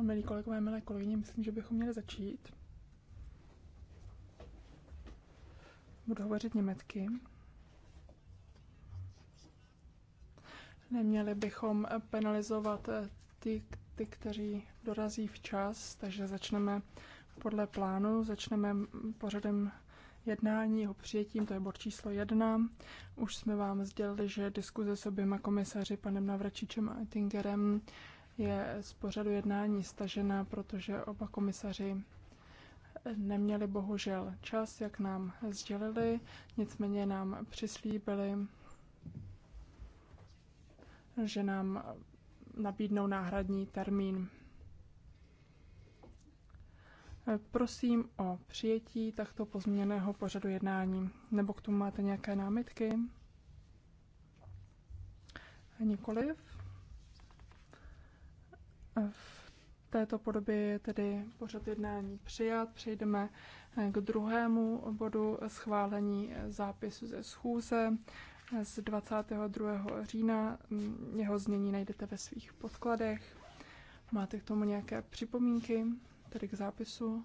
milí kolegové, milé kolegyně, myslím, že bychom měli začít. Budu hovořit německy. Neměli bychom penalizovat ty, ty, kteří dorazí včas, takže začneme podle plánu, začneme pořadem jednání jeho přijetím, to je bod číslo jedna. Už jsme vám sdělili, že diskuze s oběma komisaři, panem Navračičem a Tingerem, je z pořadu jednání stažena, protože oba komisaři neměli bohužel čas, jak nám sdělili, nicméně nám přislíbili, že nám nabídnou náhradní termín. Prosím o přijetí takto pozměněného pořadu jednání. Nebo k tomu máte nějaké námitky? Nikoliv. V této podobě je tedy pořad jednání přijat. Přejdeme k druhému bodu schválení zápisu ze schůze z 22. října. Jeho znění najdete ve svých podkladech. Máte k tomu nějaké připomínky? tedy k zápisu.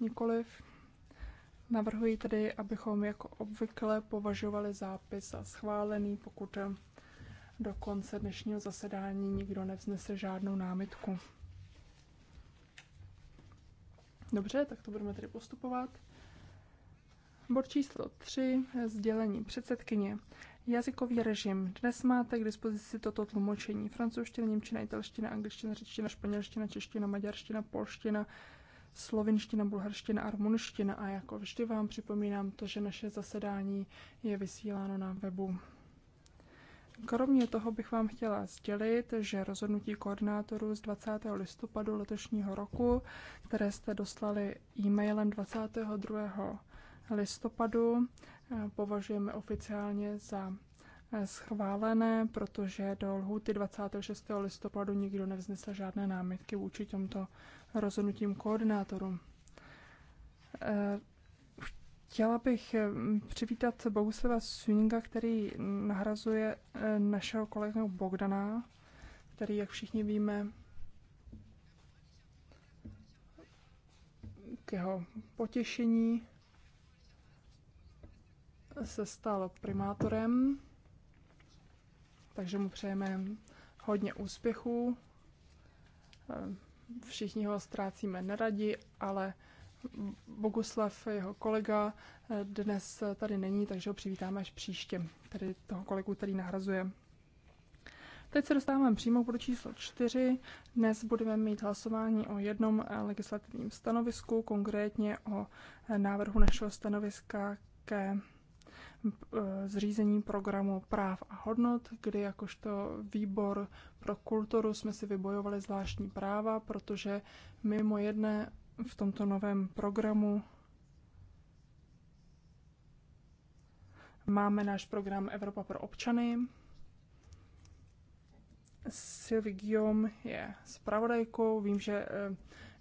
Nikoliv. Navrhuji tedy, abychom jako obvykle považovali zápis za schválený, pokud do konce dnešního zasedání nikdo nevznese žádnou námitku. Dobře, tak to budeme tedy postupovat. Bod číslo 3, sdělení předsedkyně. Jazykový režim. Dnes máte k dispozici toto tlumočení. Francouzština, němčina, italština, angličtina, řečtina, španělština, čeština, maďarština, polština, slovinština, bulharština a rumunština. A jako vždy vám připomínám to, že naše zasedání je vysíláno na webu. Kromě toho bych vám chtěla sdělit, že rozhodnutí koordinátorů z 20. listopadu letošního roku, které jste dostali e-mailem 22. listopadu, považujeme oficiálně za e, schválené, protože do lhuty 26. listopadu nikdo nevznesl žádné námitky vůči těmto rozhodnutím koordinátorům. E, chtěla bych e, přivítat Bohuslava Suninga, který nahrazuje našeho kolegu Bogdana, který, jak všichni víme, k jeho potěšení se stal primátorem, takže mu přejeme hodně úspěchů. Eh, všichni ho ztrácíme neradi, ale Boguslav, jeho kolega, eh, dnes tady není, takže ho přivítáme až příště, tedy toho kolegu, který nahrazuje. Teď se dostáváme přímo pro číslo 4. Dnes budeme mít hlasování o jednom eh, legislativním stanovisku, konkrétně o návrhu našeho stanoviska ke Eh, zřízení programu práv a hodnot, kdy jakožto výbor pro kulturu jsme si vybojovali zvláštní práva, protože mimo jedné v tomto novém programu máme náš program Evropa pro občany. Sylvie Guillaume je zpravodajkou, vím, že eh,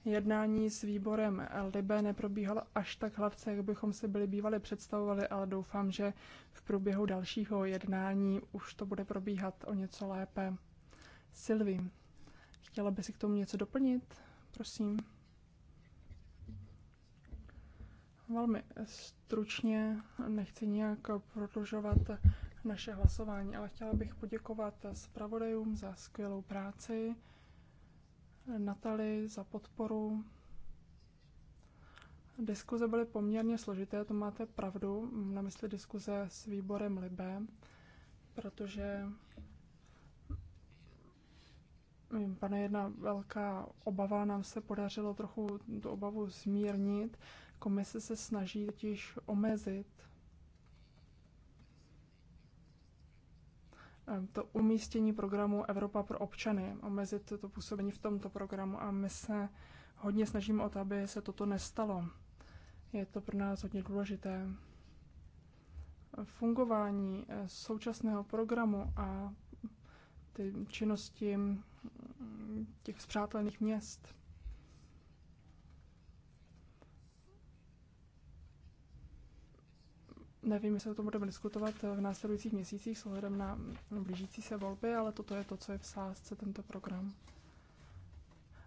jednání s výborem Libe neprobíhalo až tak hladce, jak bychom si byli bývali představovali, ale doufám, že v průběhu dalšího jednání už to bude probíhat o něco lépe. Silvi, chtěla by si k tomu něco doplnit? Prosím. Velmi stručně, nechci nějak prodlužovat naše hlasování, ale chtěla bych poděkovat zpravodajům za skvělou práci. Natali za podporu. Diskuze byly poměrně složité, to máte pravdu, na mysli diskuze s výborem Libé, protože pane, jedna velká obava, nám se podařilo trochu tu obavu zmírnit. Komise se snaží totiž omezit Eh, to umístění programu Evropa pro občany, omezit to působení v tomto programu a my se hodně snažíme o to, aby se toto nestalo. Je to pro nás hodně důležité. Fungování eh, současného programu a ty činnosti mm, těch zpřátelných měst Nevím, jestli o tom budeme diskutovat eh, v následujících měsících s ohledem na blížící se volby, ale toto je to, co je v sázce tento program.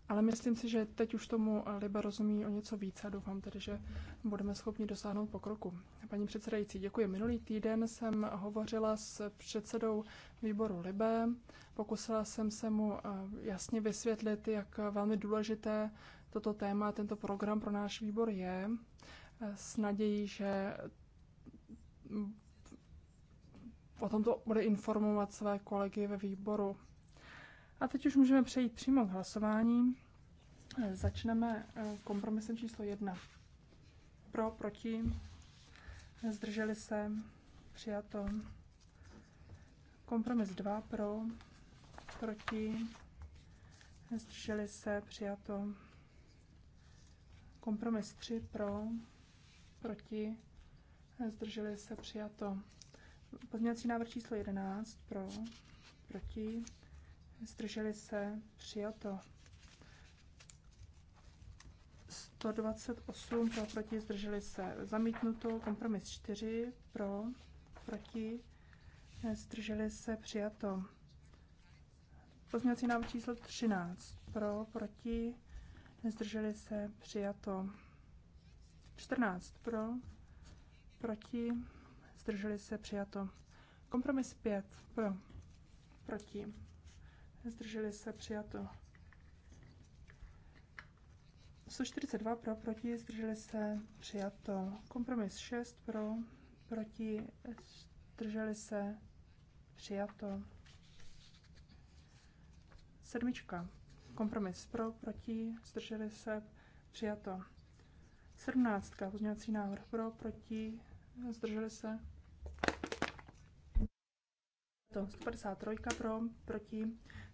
Ale myslím si, že teď už tomu eh, Liba rozumí o něco víc a doufám tedy, že budeme schopni dosáhnout pokroku. Paní předsedající, děkuji. Minulý týden jsem hovořila s předsedou výboru Libe. Pokusila jsem se mu eh, jasně vysvětlit, jak velmi důležité toto téma, tento program pro náš výbor je, s nadějí, že o tomto bude informovat své kolegy ve výboru. A teď už můžeme přejít přímo k hlasování. Začneme eh, kompromisem číslo jedna. Pro, proti, zdrželi se, přijato. Kompromis dva, pro, proti, zdrželi se, přijato. Kompromis 3 pro, proti, zdrželi se přijato. Pozměňovací návrh číslo 11 pro, proti, zdrželi se přijato. 128 pro, proti, zdrželi se zamítnuto. Kompromis 4 pro, proti, zdrželi se přijato. Pozměňovací návrh číslo 13 pro, proti, zdrželi se přijato. 14 pro, proti, zdrželi se přijato. Kompromis 5 pro, proti, zdrželi se přijato. 142 pro, proti, zdrželi se přijato. Kompromis 6 pro, proti, zdrželi se přijato. Sedmička. Kompromis pro, proti, zdrželi se přijato. sedmnáctka Pozměňovací návrh pro, proti, zdrželi se. To 153 pro, proti,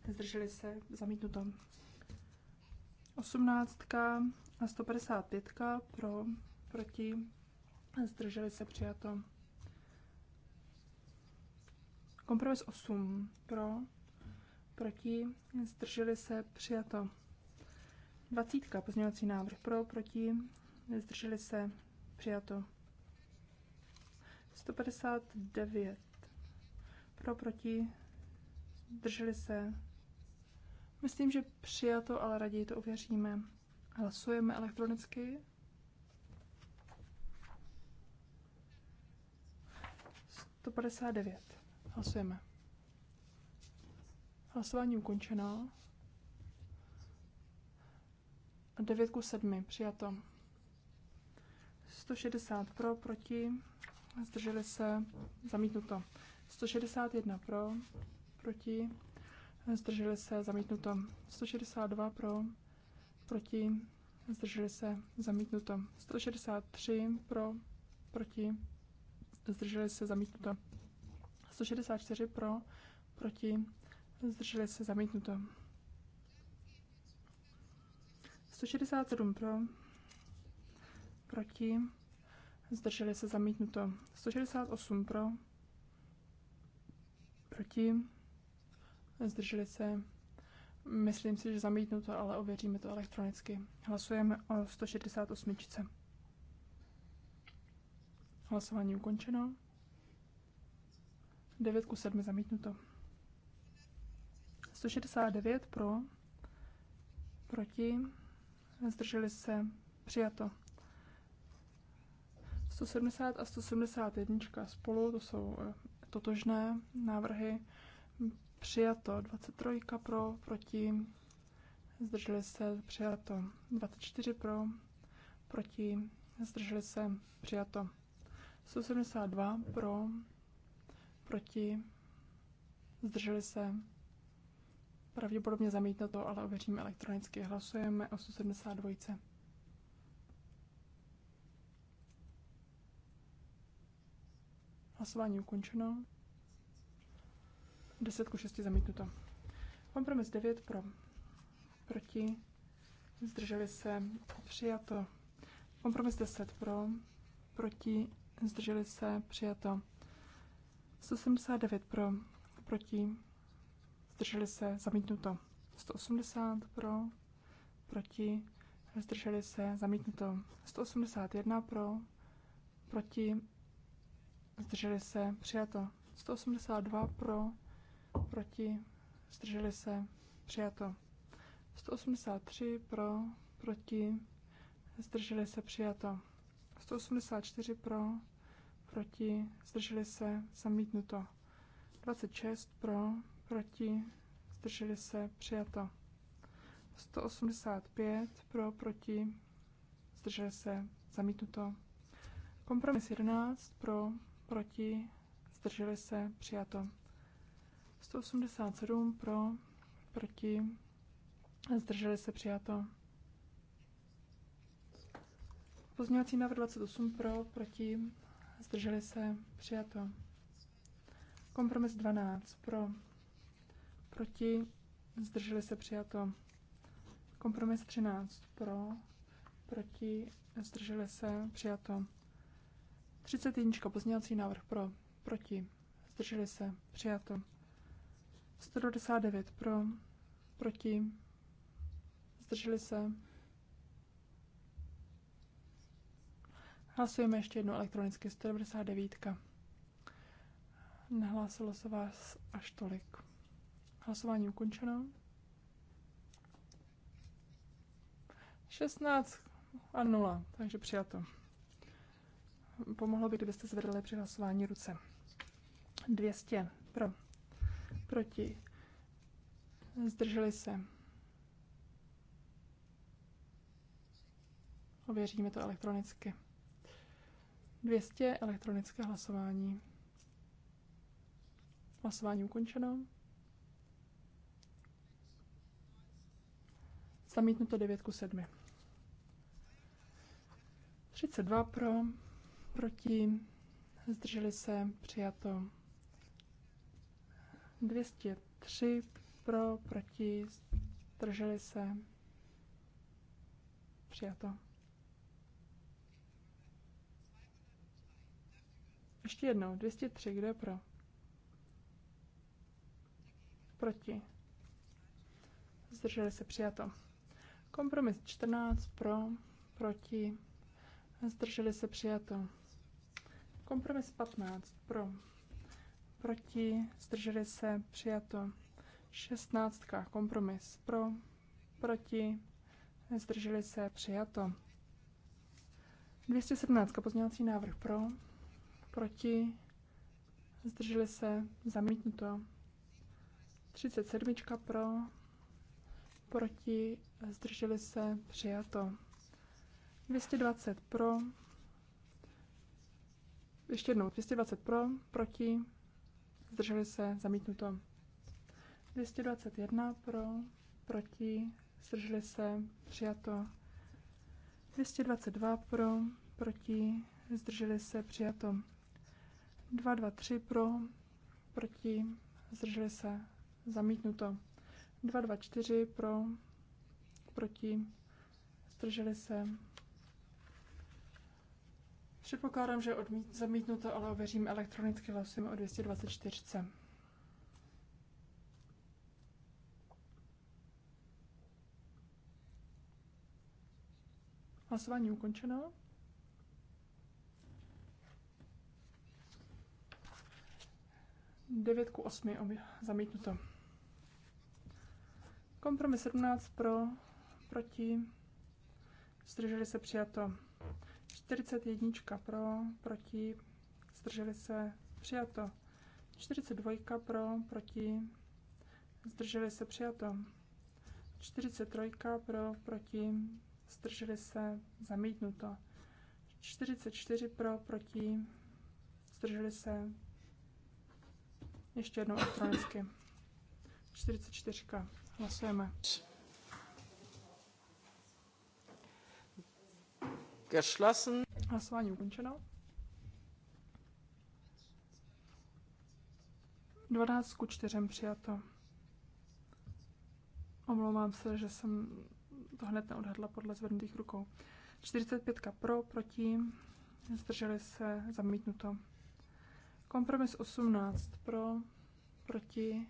zdrželi se, zamítnuto. 18 a 155 pro, proti, zdrželi se, přijato. Kompromis 8 pro, proti, zdrželi se, přijato. 20 pozměňovací návrh pro, proti, zdrželi se, přijato. 159 pro, proti, drželi se. Myslím, že přijato, ale raději to uvěříme. Hlasujeme elektronicky. 159. Hlasujeme. Hlasování ukončeno. 9 ku 7. Přijato. 160 pro, proti, zdrželi se, zamítnuto. 161 pro, proti, zdrželi se, zamítnuto. 162 pro, proti, zdrželi se, zamítnuto. 163 pro, proti, zdrželi se, zamítnuto. 164 pro, proti, zdrželi se, zamítnuto. 167 pro, proti, zdrželi se zamítnuto. 168 pro, proti, zdrželi se, myslím si, že zamítnuto, ale ověříme to elektronicky. Hlasujeme o 168. Hlasování ukončeno. 9 ku 7 zamítnuto. 169 pro, proti, zdrželi se, přijato. 170 a 171 spolu, to jsou eh, totožné návrhy. Přijato 23 pro, proti, zdrželi se, přijato 24 pro, proti, zdrželi se, přijato 172 pro, proti, zdrželi se, pravděpodobně zamítnuto, ale ověříme elektronicky, hlasujeme o 172. Hlasování ukončeno. 10 ku 6 zamítnuto. Kompromis 9 pro. Proti. Zdrželi se. Přijato. Kompromis 10 pro. Proti. Zdrželi se. Přijato. 179 pro. Proti. Zdrželi se. Zamítnuto. 180 pro. Proti. Zdrželi se. Zamítnuto. 181 pro. Proti zdrželi se, přijato. 182 pro, proti, zdrželi se, přijato. 183 pro, proti, zdrželi se, přijato. 184 pro, proti, zdrželi se, zamítnuto. 26 pro, proti, zdrželi se, přijato. 185 pro, proti, zdrželi se, zamítnuto. Kompromis 11 pro, proti, zdrželi se, přijato. 187 pro, proti, zdrželi se, přijato. Pozměňovací návrh 28 pro, proti, zdrželi se, přijato. Kompromis 12 pro, proti, zdrželi se, přijato. Kompromis 13 pro, proti, zdrželi se, přijato. 31. Pozměňovací návrh pro. Proti. Zdrželi se. Přijato. 199 pro. Proti. Zdrželi se. Hlasujeme ještě jednou elektronicky. 199. Nehlásilo se vás až tolik. Hlasování ukončeno. 16 a 0, takže přijato pomohlo by, kdybyste zvedli při hlasování ruce. 200 pro, proti, zdrželi se. Ověříme to elektronicky. 200 elektronické hlasování. Hlasování ukončeno. Zamítnuto 9 ku 7. 32 pro, proti, zdrželi se, přijato. 203 pro, proti, zdrželi se, přijato. Ještě jednou, 203, kdo je pro? Proti. Zdrželi se, přijato. Kompromis 14 pro, proti, zdrželi se, přijato. Kompromis 15 pro. Proti zdrželi se přijato. 16. Kompromis pro. Proti zdrželi se přijato. 217. Pozměňovací návrh pro. Proti zdrželi se zamítnuto. 37. pro. Proti zdrželi se přijato. 220 pro ještě jednou, 220 pro, proti, zdrželi se, zamítnuto. 221 pro, proti, zdrželi se, přijato. 222 pro, proti, zdrželi se, přijato. 223 pro, proti, zdrželi se, zamítnuto. 224 pro, proti, zdrželi se, Předpokládám, že odmít, zamítnuto, ale ověřím elektronicky hlasujeme o 224. Hlasování ukončeno. Devětku osmi zamítnuto. Kompromis 17 pro, proti, zdrželi se přijato. 41 pro, proti, zdrželi se, přijato. 42 pro, proti, zdrželi se, přijato. 43 pro, proti, zdrželi se, zamítnuto. 44 pro, proti, zdrželi se, ještě jednou elektronicky. 44. Hlasujeme. Geschlossen. Hlasování ukončeno. 12 ku 4 přijato. Omlouvám se, že jsem to hned neodhadla podle zvednutých rukou. 45 pro, proti, zdrželi se, zamítnuto. Kompromis 18 pro, proti,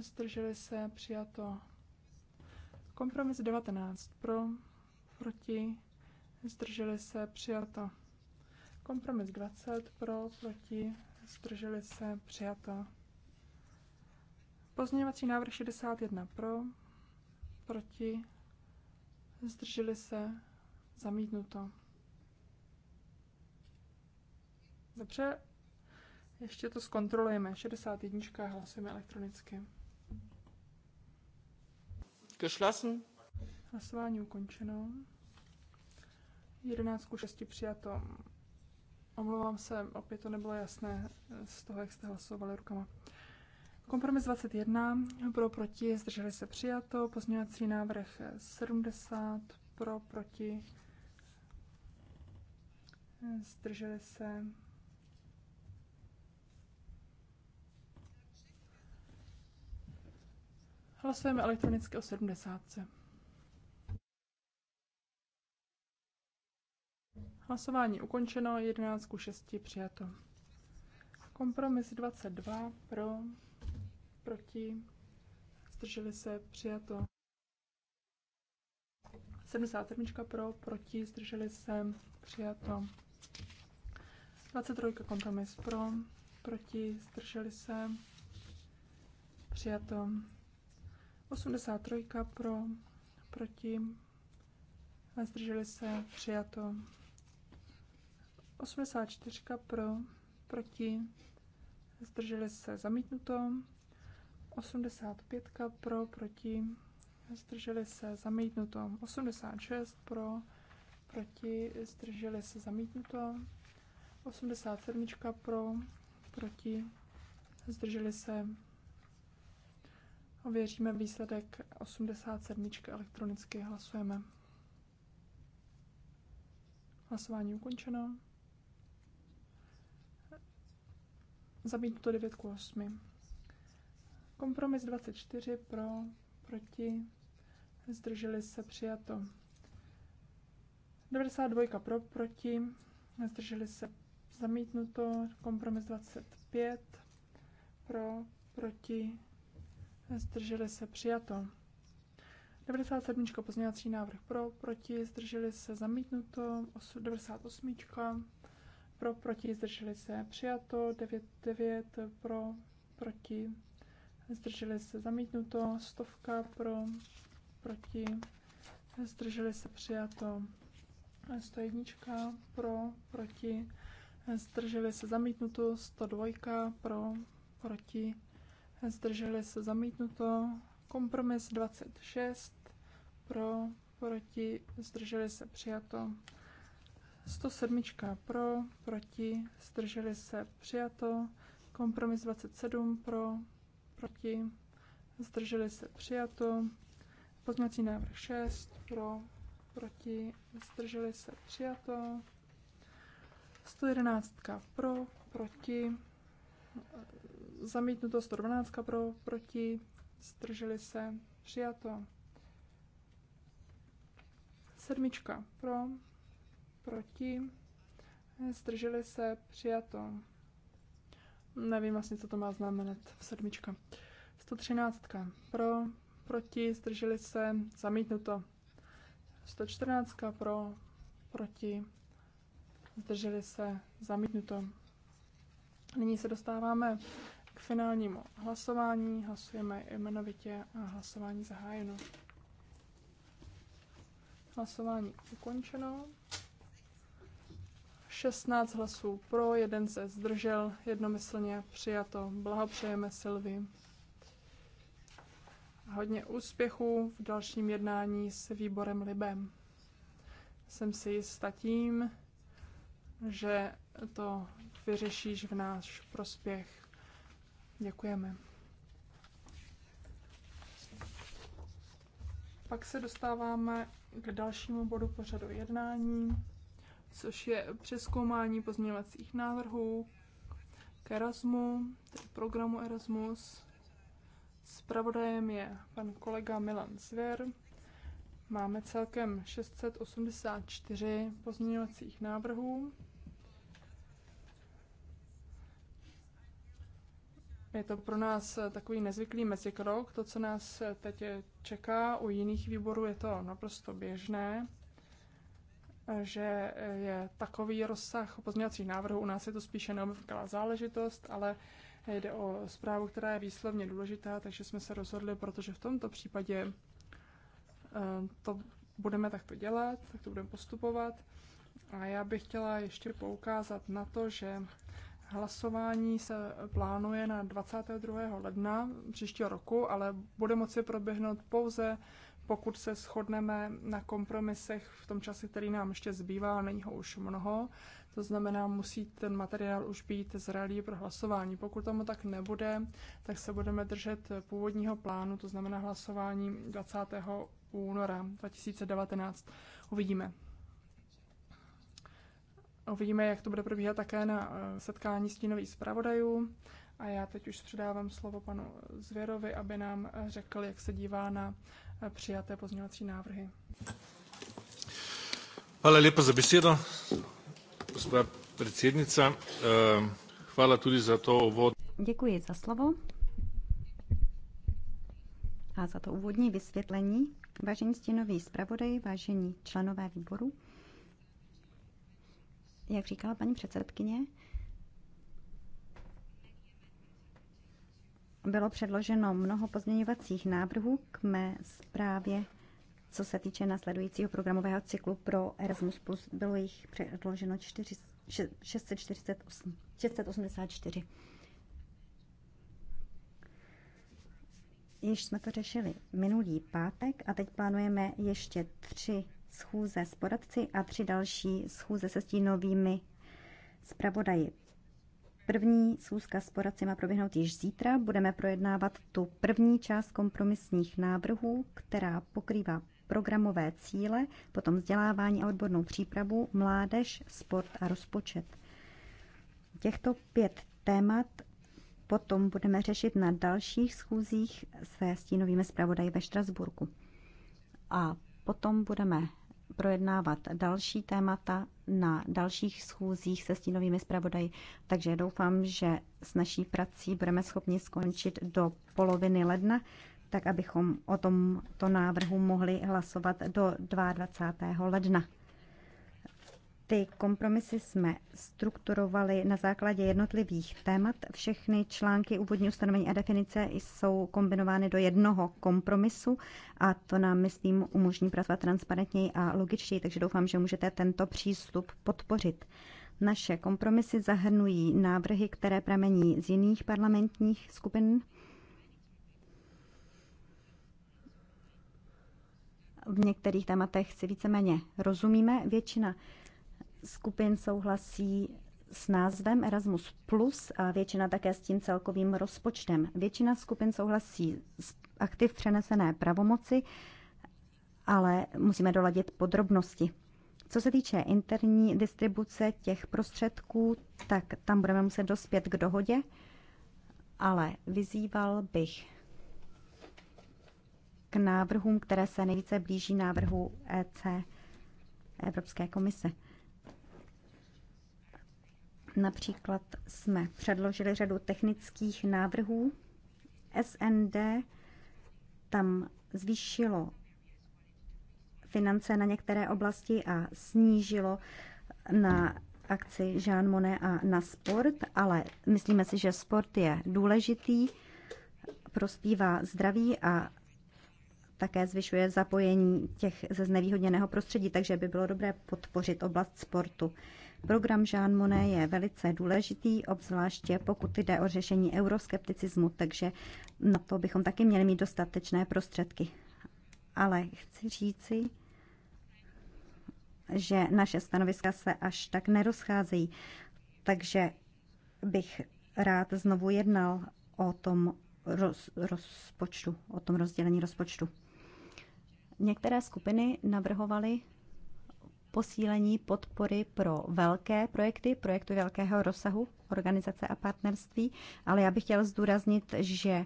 zdrželi se, přijato. Kompromis 19 pro, proti, zdrželi se, přijato. Kompromis 20 pro, proti, zdrželi se, přijato. Pozměňovací návrh 61 pro, proti, zdrželi se, zamítnuto. Dobře, ještě to zkontrolujeme. 61 hlasujeme elektronicky. Geschlossen. Hlasování ukončeno. 11 ku 6 přijato. Omlouvám se, opět to nebylo jasné z toho, jak jste hlasovali rukama. Kompromis 21, pro, proti, zdrželi se přijato. Pozměňovací návrh 70, pro, proti, zdrželi se. Hlasujeme elektronicky o 70. Hlasování ukončeno, 11 ku 6 přijato. Kompromis 22 pro, proti, zdrželi se, přijato. 77 pro, proti, zdrželi se, přijato. 23 kompromis pro, proti, zdrželi se, přijato. 83 pro, proti, zdrželi se, přijato. 84 pro, proti, zdrželi se zamítnuto. 85 pro, proti, zdrželi se zamítnuto. 86 pro, proti, zdrželi se zamítnuto. 87 pro, proti, zdrželi se. Ověříme výsledek 87 elektronicky, hlasujeme. Hlasování ukončeno. Zamítnuto 9 k 8. Kompromis 24 pro, proti, zdrželi se přijato. 92 pro, proti, zdrželi se zamítnuto. Kompromis 25 pro, proti, zdrželi se přijato. 97. pozměňovací návrh pro, proti, zdrželi se zamítnuto. 98 pro, proti, zdrželi se, přijato, 9, 9 pro, proti, zdrželi se, zamítnuto, stovka pro, proti, zdrželi se, přijato, 101 pro, proti, zdrželi se, zamítnuto, 102 pro, proti, zdrželi se, zamítnuto, kompromis 26 pro, proti, zdrželi se, přijato. 107 pro, proti, zdrželi se, přijato. Kompromis 27 pro, proti, zdrželi se, přijato. Pozměňovací návrh 6 pro, proti, zdrželi se, přijato. 111 pro, proti, zamítnuto 112 pro, proti, zdrželi se, přijato. Sedmička pro, proti, zdrželi se, přijato. Nevím vlastně, co to má znamenat. Sedmička. 113. Pro, proti, zdrželi se, zamítnuto. 114. Pro, proti, zdrželi se, zamítnuto. Nyní se dostáváme k finálnímu hlasování. Hlasujeme jmenovitě a hlasování zahájeno. Hlasování ukončeno. 16 hlasů pro, jeden se zdržel, jednomyslně přijato. Blahopřejeme Silvi. Hodně úspěchů v dalším jednání s výborem Libem. Jsem si jistá tím, že to vyřešíš v náš prospěch. Děkujeme. Pak se dostáváme k dalšímu bodu pořadu jednání což je přeskoumání pozměňovacích návrhů k Erasmu, tedy programu Erasmus. Spravodajem je pan kolega Milan Zvěr. Máme celkem 684 pozměňovacích návrhů. Je to pro nás takový nezvyklý mezikrok. To, co nás teď čeká u jiných výborů, je to naprosto běžné že je takový rozsah pozměňovacích návrhů. U nás je to spíše neobvyklá záležitost, ale jde o zprávu, která je výslovně důležitá, takže jsme se rozhodli, protože v tomto případě eh, to budeme takto dělat, tak to budeme postupovat. A já bych chtěla ještě poukázat na to, že hlasování se plánuje na 22. ledna příštího roku, ale bude moci proběhnout pouze pokud se shodneme na kompromisech v tom čase, který nám ještě zbývá, není ho už mnoho, to znamená, musí ten materiál už být zralý pro hlasování. Pokud tomu tak nebude, tak se budeme držet původního plánu, to znamená hlasování 20. února 2019. Uvidíme. Uvidíme, jak to bude probíhat také na eh, setkání stínových zpravodajů. A já teď už předávám slovo panu Zvěrovi, aby nám eh, řekl, jak se dívá na přijaté pozměňovací návrhy. Hvala lepa za besedo, gospa predsednica. Ehm, hvala tudi za to úvod. Děkuji za slovo a za to úvodní vysvětlení. Vážení stěnoví zpravodaji, vážení členové výboru, jak říkala paní předsedkyně, bylo předloženo mnoho pozměňovacích návrhů k mé zprávě, co se týče následujícího programového cyklu pro Erasmus+. Bylo jich předloženo 648, 684. Již jsme to řešili minulý pátek a teď plánujeme ještě tři schůze s poradci a tři další schůze se stínovými zpravodaji. První schůzka s poradci má proběhnout již zítra. Budeme projednávat tu první část kompromisních návrhů, která pokrývá programové cíle, potom vzdělávání a odbornou přípravu, mládež, sport a rozpočet. Těchto pět témat potom budeme řešit na dalších schůzích se stínovými zpravodaji ve Štrasburku. A potom budeme projednávat další témata na dalších schůzích se stínovými zpravodaji, takže doufám, že s naší prací budeme schopni skončit do poloviny ledna, tak abychom o tomto návrhu mohli hlasovat do 22. ledna. Ty kompromisy jsme strukturovali na základě jednotlivých témat. Všechny články úvodní ustanovení a definice jsou kombinovány do jednoho kompromisu a to nám, myslím, umožní pracovat transparentněji a logičtěji, takže doufám, že můžete tento přístup podpořit. Naše kompromisy zahrnují návrhy, které pramení z jiných parlamentních skupin. V některých tématech si víceméně rozumíme. Většina skupin souhlasí s názvem Erasmus Plus a většina také s tím celkovým rozpočtem. Většina skupin souhlasí s aktiv přenesené pravomoci, ale musíme doladit podrobnosti. Co se týče interní distribuce těch prostředků, tak tam budeme muset dospět k dohodě, ale vyzýval bych k návrhům, které se nejvíce blíží návrhu EC Evropské komise. Například jsme předložili řadu technických návrhů. SND tam zvýšilo finance na některé oblasti a snížilo na akci Jean Monnet a na sport, ale myslíme si, že sport je důležitý, prospívá zdraví a také zvyšuje zapojení těch ze znevýhodněného prostředí, takže by bylo dobré podpořit oblast sportu. Program Jean Monnet je velice důležitý, obzvláště pokud jde o řešení euroskepticismu, takže na to bychom taky měli mít dostatečné prostředky. Ale chci říci, že naše stanoviska se až tak nerozcházejí, takže bych rád znovu jednal o tom roz, rozpočtu, o tom rozdělení rozpočtu. Některé skupiny navrhovaly posílení podpory pro velké projekty, projekty velkého rozsahu, organizace a partnerství, ale já bych chtěl zdůraznit, že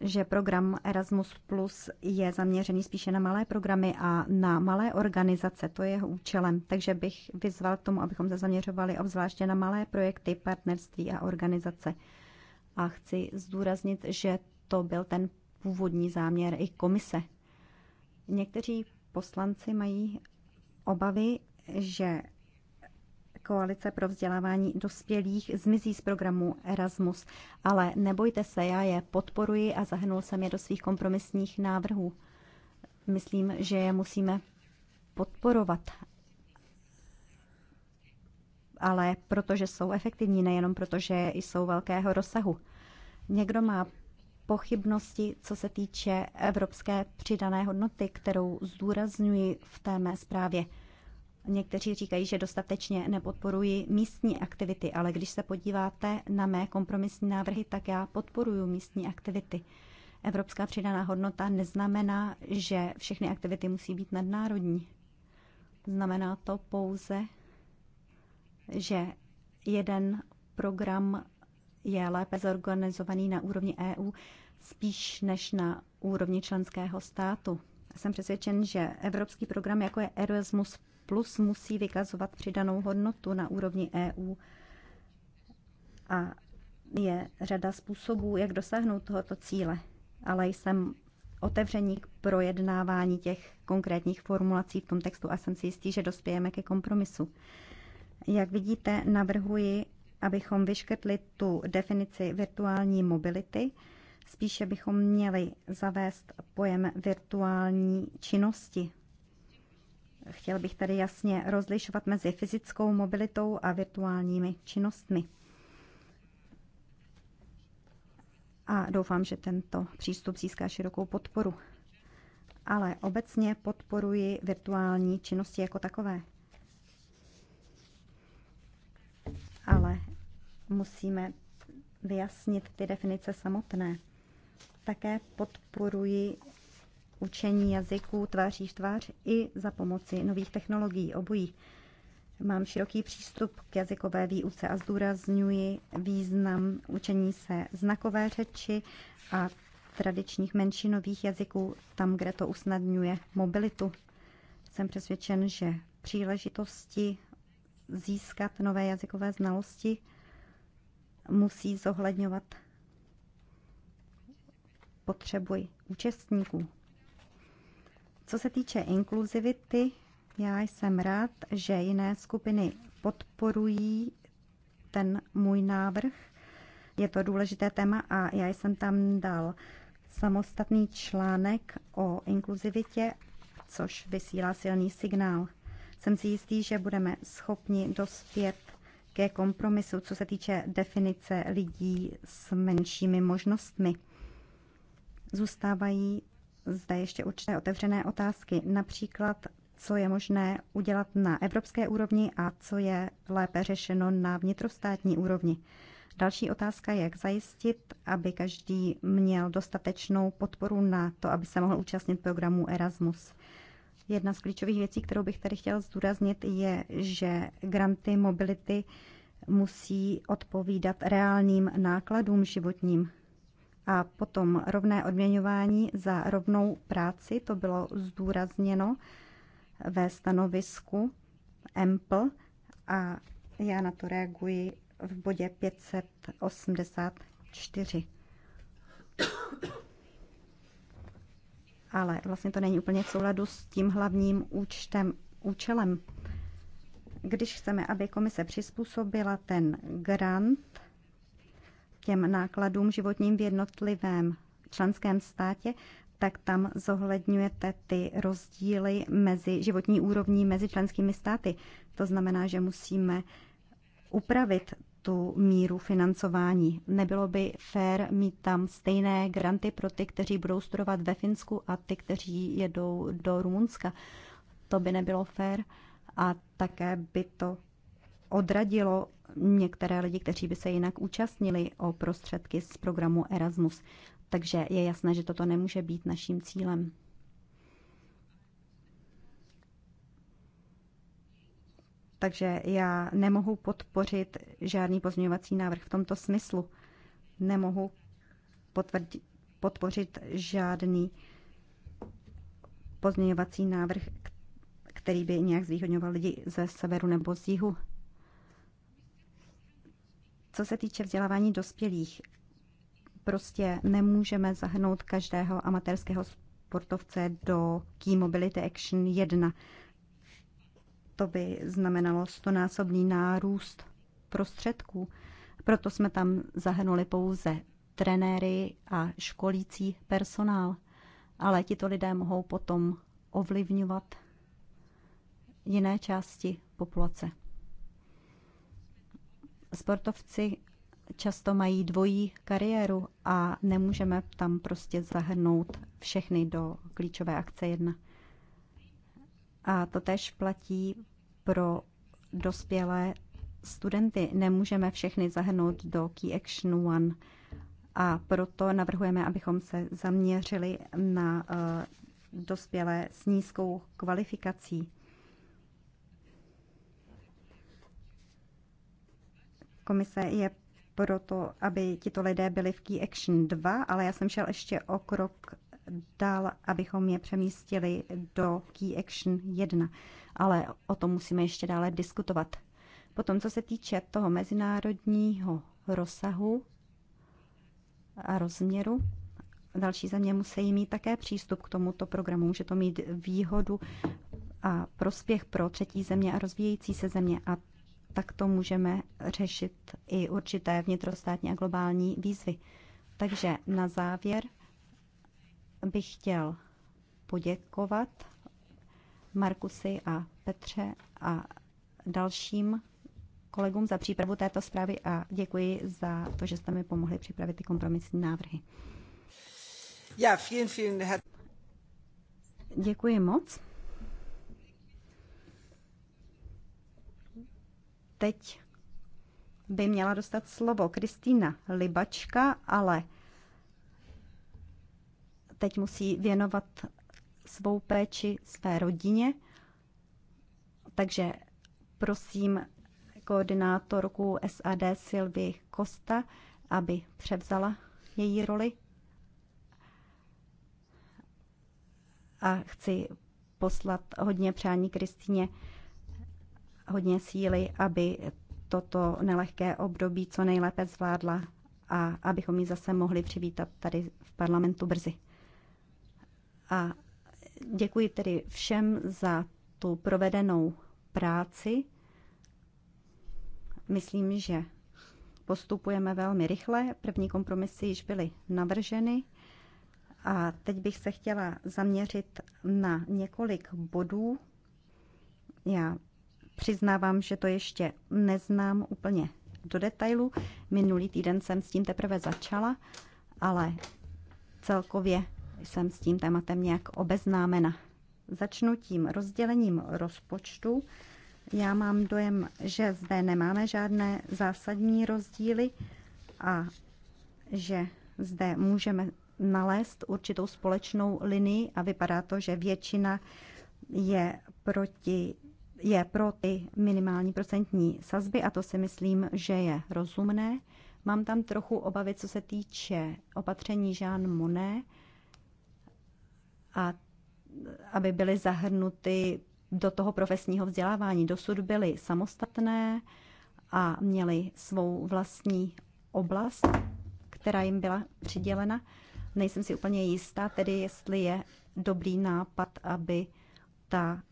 že program Erasmus Plus je zaměřený spíše na malé programy a na malé organizace, to je jeho účelem. Takže bych vyzval k tomu, abychom se zaměřovali obzvláště na malé projekty, partnerství a organizace. A chci zdůraznit, že to byl ten původní záměr i komise. Někteří poslanci mají obavy, že koalice pro vzdělávání dospělých zmizí z programu Erasmus, ale nebojte se, já je podporuji a zahrnul jsem je do svých kompromisních návrhů. Myslím, že je musíme podporovat, ale protože jsou efektivní, nejenom protože jsou velkého rozsahu. Někdo má pochybnosti, co se týče evropské přidané hodnoty, kterou zdůrazňuji v té mé zprávě. Někteří říkají, že dostatečně nepodporuji místní aktivity, ale když se podíváte na mé kompromisní návrhy, tak já podporuji místní aktivity. Evropská přidaná hodnota neznamená, že všechny aktivity musí být nadnárodní. Znamená to pouze, že jeden program je lépe zorganizovaný na úrovni EU spíš než na úrovni členského státu. Jsem přesvědčen, že evropský program jako je Erasmus Plus musí vykazovat přidanou hodnotu na úrovni EU a je řada způsobů, jak dosáhnout tohoto cíle, ale jsem otevření k projednávání těch konkrétních formulací v tom textu a jsem si jistý, že dospějeme ke kompromisu. Jak vidíte, navrhuji abychom vyškrtli tu definici virtuální mobility. Spíše bychom měli zavést pojem virtuální činnosti. Chtěl bych tady jasně rozlišovat mezi fyzickou mobilitou a virtuálními činnostmi. A doufám, že tento přístup získá širokou podporu. Ale obecně podporuji virtuální činnosti jako takové. ale musíme vyjasnit ty definice samotné. Také podporuji učení jazyků tváří v tvář i za pomoci nových technologií obojí. Mám široký přístup k jazykové výuce a zdůrazňuji význam učení se znakové řeči a tradičních menšinových jazyků tam, kde to usnadňuje mobilitu. Jsem přesvědčen, že příležitosti získat nové jazykové znalosti, musí zohledňovat potřebuj účastníků. Co se týče inkluzivity, já jsem rád, že jiné skupiny podporují ten můj návrh. Je to důležité téma a já jsem tam dal samostatný článek o inkluzivitě, což vysílá silný signál. Jsem si jistý, že budeme schopni dospět ke kompromisu, co se týče definice lidí s menšími možnostmi. Zůstávají zde ještě určité otevřené otázky, například co je možné udělat na evropské úrovni a co je lépe řešeno na vnitrostátní úrovni. Další otázka je, jak zajistit, aby každý měl dostatečnou podporu na to, aby se mohl účastnit programu Erasmus. Jedna z klíčových věcí, kterou bych tady chtěl zdůraznit, je, že granty mobility musí odpovídat reálným nákladům životním. A potom rovné odměňování za rovnou práci, to bylo zdůrazněno ve stanovisku EMPL a já na to reaguji v bodě 584 ale vlastně to není úplně v souladu s tím hlavním účtem, účelem. Když chceme, aby komise přizpůsobila ten grant těm nákladům životním v jednotlivém členském státě, tak tam zohledňujete ty rozdíly mezi životní úrovní mezi členskými státy. To znamená, že musíme upravit tu míru financování. Nebylo by fér mít tam stejné granty pro ty, kteří budou studovat ve Finsku a ty, kteří jedou do Rumunska. To by nebylo fér a také by to odradilo některé lidi, kteří by se jinak účastnili o prostředky z programu Erasmus. Takže je jasné, že toto nemůže být naším cílem. Takže já nemohu podpořit žádný pozměňovací návrh v tomto smyslu. Nemohu potvrdit, podpořit žádný pozměňovací návrh, který by nějak zvýhodňoval lidi ze severu nebo z jihu. Co se týče vzdělávání dospělých, prostě nemůžeme zahrnout každého amatérského sportovce do Key Mobility Action 1. To by znamenalo stonásobný nárůst prostředků. Proto jsme tam zahrnuli pouze trenéry a školící personál. Ale tito lidé mohou potom ovlivňovat jiné části populace. Sportovci často mají dvojí kariéru a nemůžeme tam prostě zahrnout všechny do klíčové akce 1. A to tež platí pro dospělé studenty. Nemůžeme všechny zahrnout do Key Action One a proto navrhujeme, abychom se zaměřili na eh, dospělé s nízkou kvalifikací. Komise je proto, aby tito lidé byli v Key Action 2, ale já jsem šel ještě o krok dál, abychom je přemístili do Key Action 1. Ale o tom musíme ještě dále diskutovat. Potom, co se týče toho mezinárodního rozsahu a rozměru, další země musí mít také přístup k tomuto programu. Může to mít výhodu a prospěch pro třetí země a rozvíjející se země. A tak to můžeme řešit i určité vnitrostátní a globální výzvy. Takže na závěr bych chtěl poděkovat Markusy a Petře a dalším kolegům za přípravu této zprávy a děkuji za to, že jste mi pomohli připravit ty kompromisní návrhy. Ja, vielen, vielen her- Děkuji moc. Teď by měla dostat slovo Kristýna Libačka, ale teď musí věnovat svou péči své rodině. Takže prosím koordinátorku SAD Silvi Kosta, aby převzala její roli. A chci poslat hodně přání Kristýně, hodně síly, aby toto nelehké období co nejlépe zvládla a abychom ji zase mohli přivítat tady v parlamentu brzy. A děkuji tedy všem za tu provedenou práci. Myslím, že postupujeme velmi rychle. První kompromisy již byly navrženy. A teď bych se chtěla zaměřit na několik bodů. Já přiznávám, že to ještě neznám úplně do detailu. Minulý týden jsem s tím teprve začala, ale celkově jsem s tím tématem nějak obeznámena. Začnu tím rozdělením rozpočtu. Já mám dojem, že zde nemáme žádné zásadní rozdíly a že zde můžeme nalézt určitou společnou linii a vypadá to, že většina je proti je pro ty minimální procentní sazby a to si myslím, že je rozumné. Mám tam trochu obavy, co se týče opatření Jean Monnet, a aby byly zahrnuty do toho profesního vzdělávání. Dosud byly samostatné a měly svou vlastní oblast, která jim byla přidělena. Nejsem si úplně jistá, tedy jestli je dobrý nápad, aby ta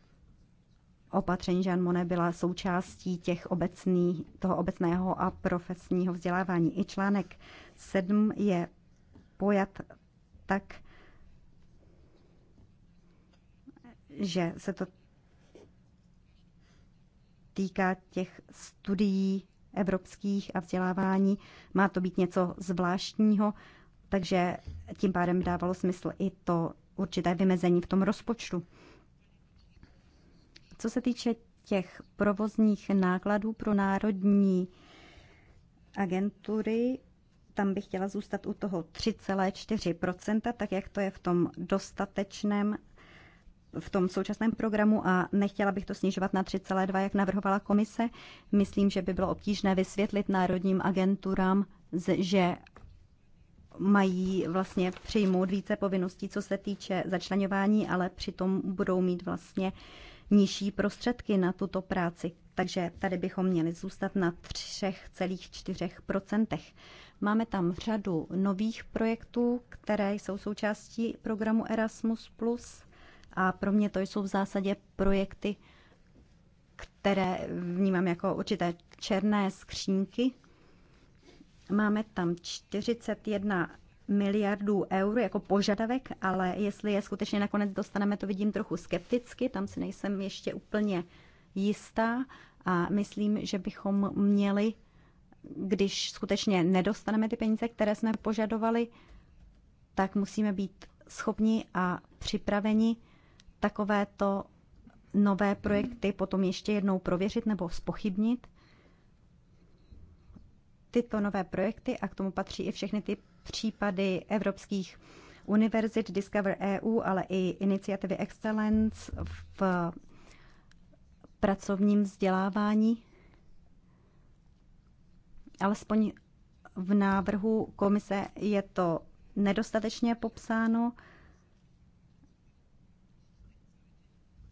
opatření Jean Monnet byla součástí těch obecný, toho obecného a profesního vzdělávání. I článek 7 je pojat tak, že se to týká těch studií evropských a vzdělávání. Má to být něco zvláštního, takže tím pádem dávalo smysl i to určité vymezení v tom rozpočtu. Co se týče těch provozních nákladů pro národní agentury, tam bych chtěla zůstat u toho 3,4%, tak jak to je v tom dostatečném v tom současném programu a nechtěla bych to snižovat na 3,2, jak navrhovala komise. Myslím, že by bylo obtížné vysvětlit národním agenturám, že mají vlastně přijmout více povinností, co se týče začlenování, ale přitom budou mít vlastně nižší prostředky na tuto práci. Takže tady bychom měli zůstat na 3,4%. Máme tam řadu nových projektů, které jsou součástí programu Erasmus+. A pro mě to jsou v zásadě projekty, které vnímám jako určité černé skřínky. Máme tam 41 miliardů eur jako požadavek, ale jestli je skutečně nakonec dostaneme, to vidím trochu skepticky, tam si nejsem ještě úplně jistá a myslím, že bychom měli, když skutečně nedostaneme ty peníze, které jsme požadovali, tak musíme být schopni a připraveni takovéto nové projekty potom ještě jednou prověřit nebo spochybnit. Tyto nové projekty, a k tomu patří i všechny ty případy evropských univerzit Discover EU, ale i iniciativy Excellence v pracovním vzdělávání, alespoň v návrhu komise je to nedostatečně popsáno.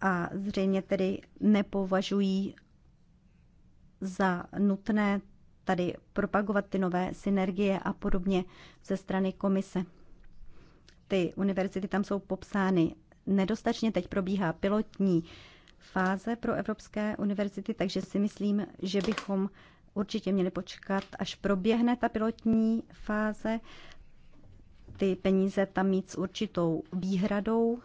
a zřejmě tedy nepovažují za nutné tady propagovat ty nové synergie a podobně ze strany komise. Ty univerzity tam jsou popsány nedostačně. Teď probíhá pilotní fáze pro evropské univerzity, takže si myslím, že bychom určitě měli počkat, až proběhne ta pilotní fáze, ty peníze tam mít s určitou výhradou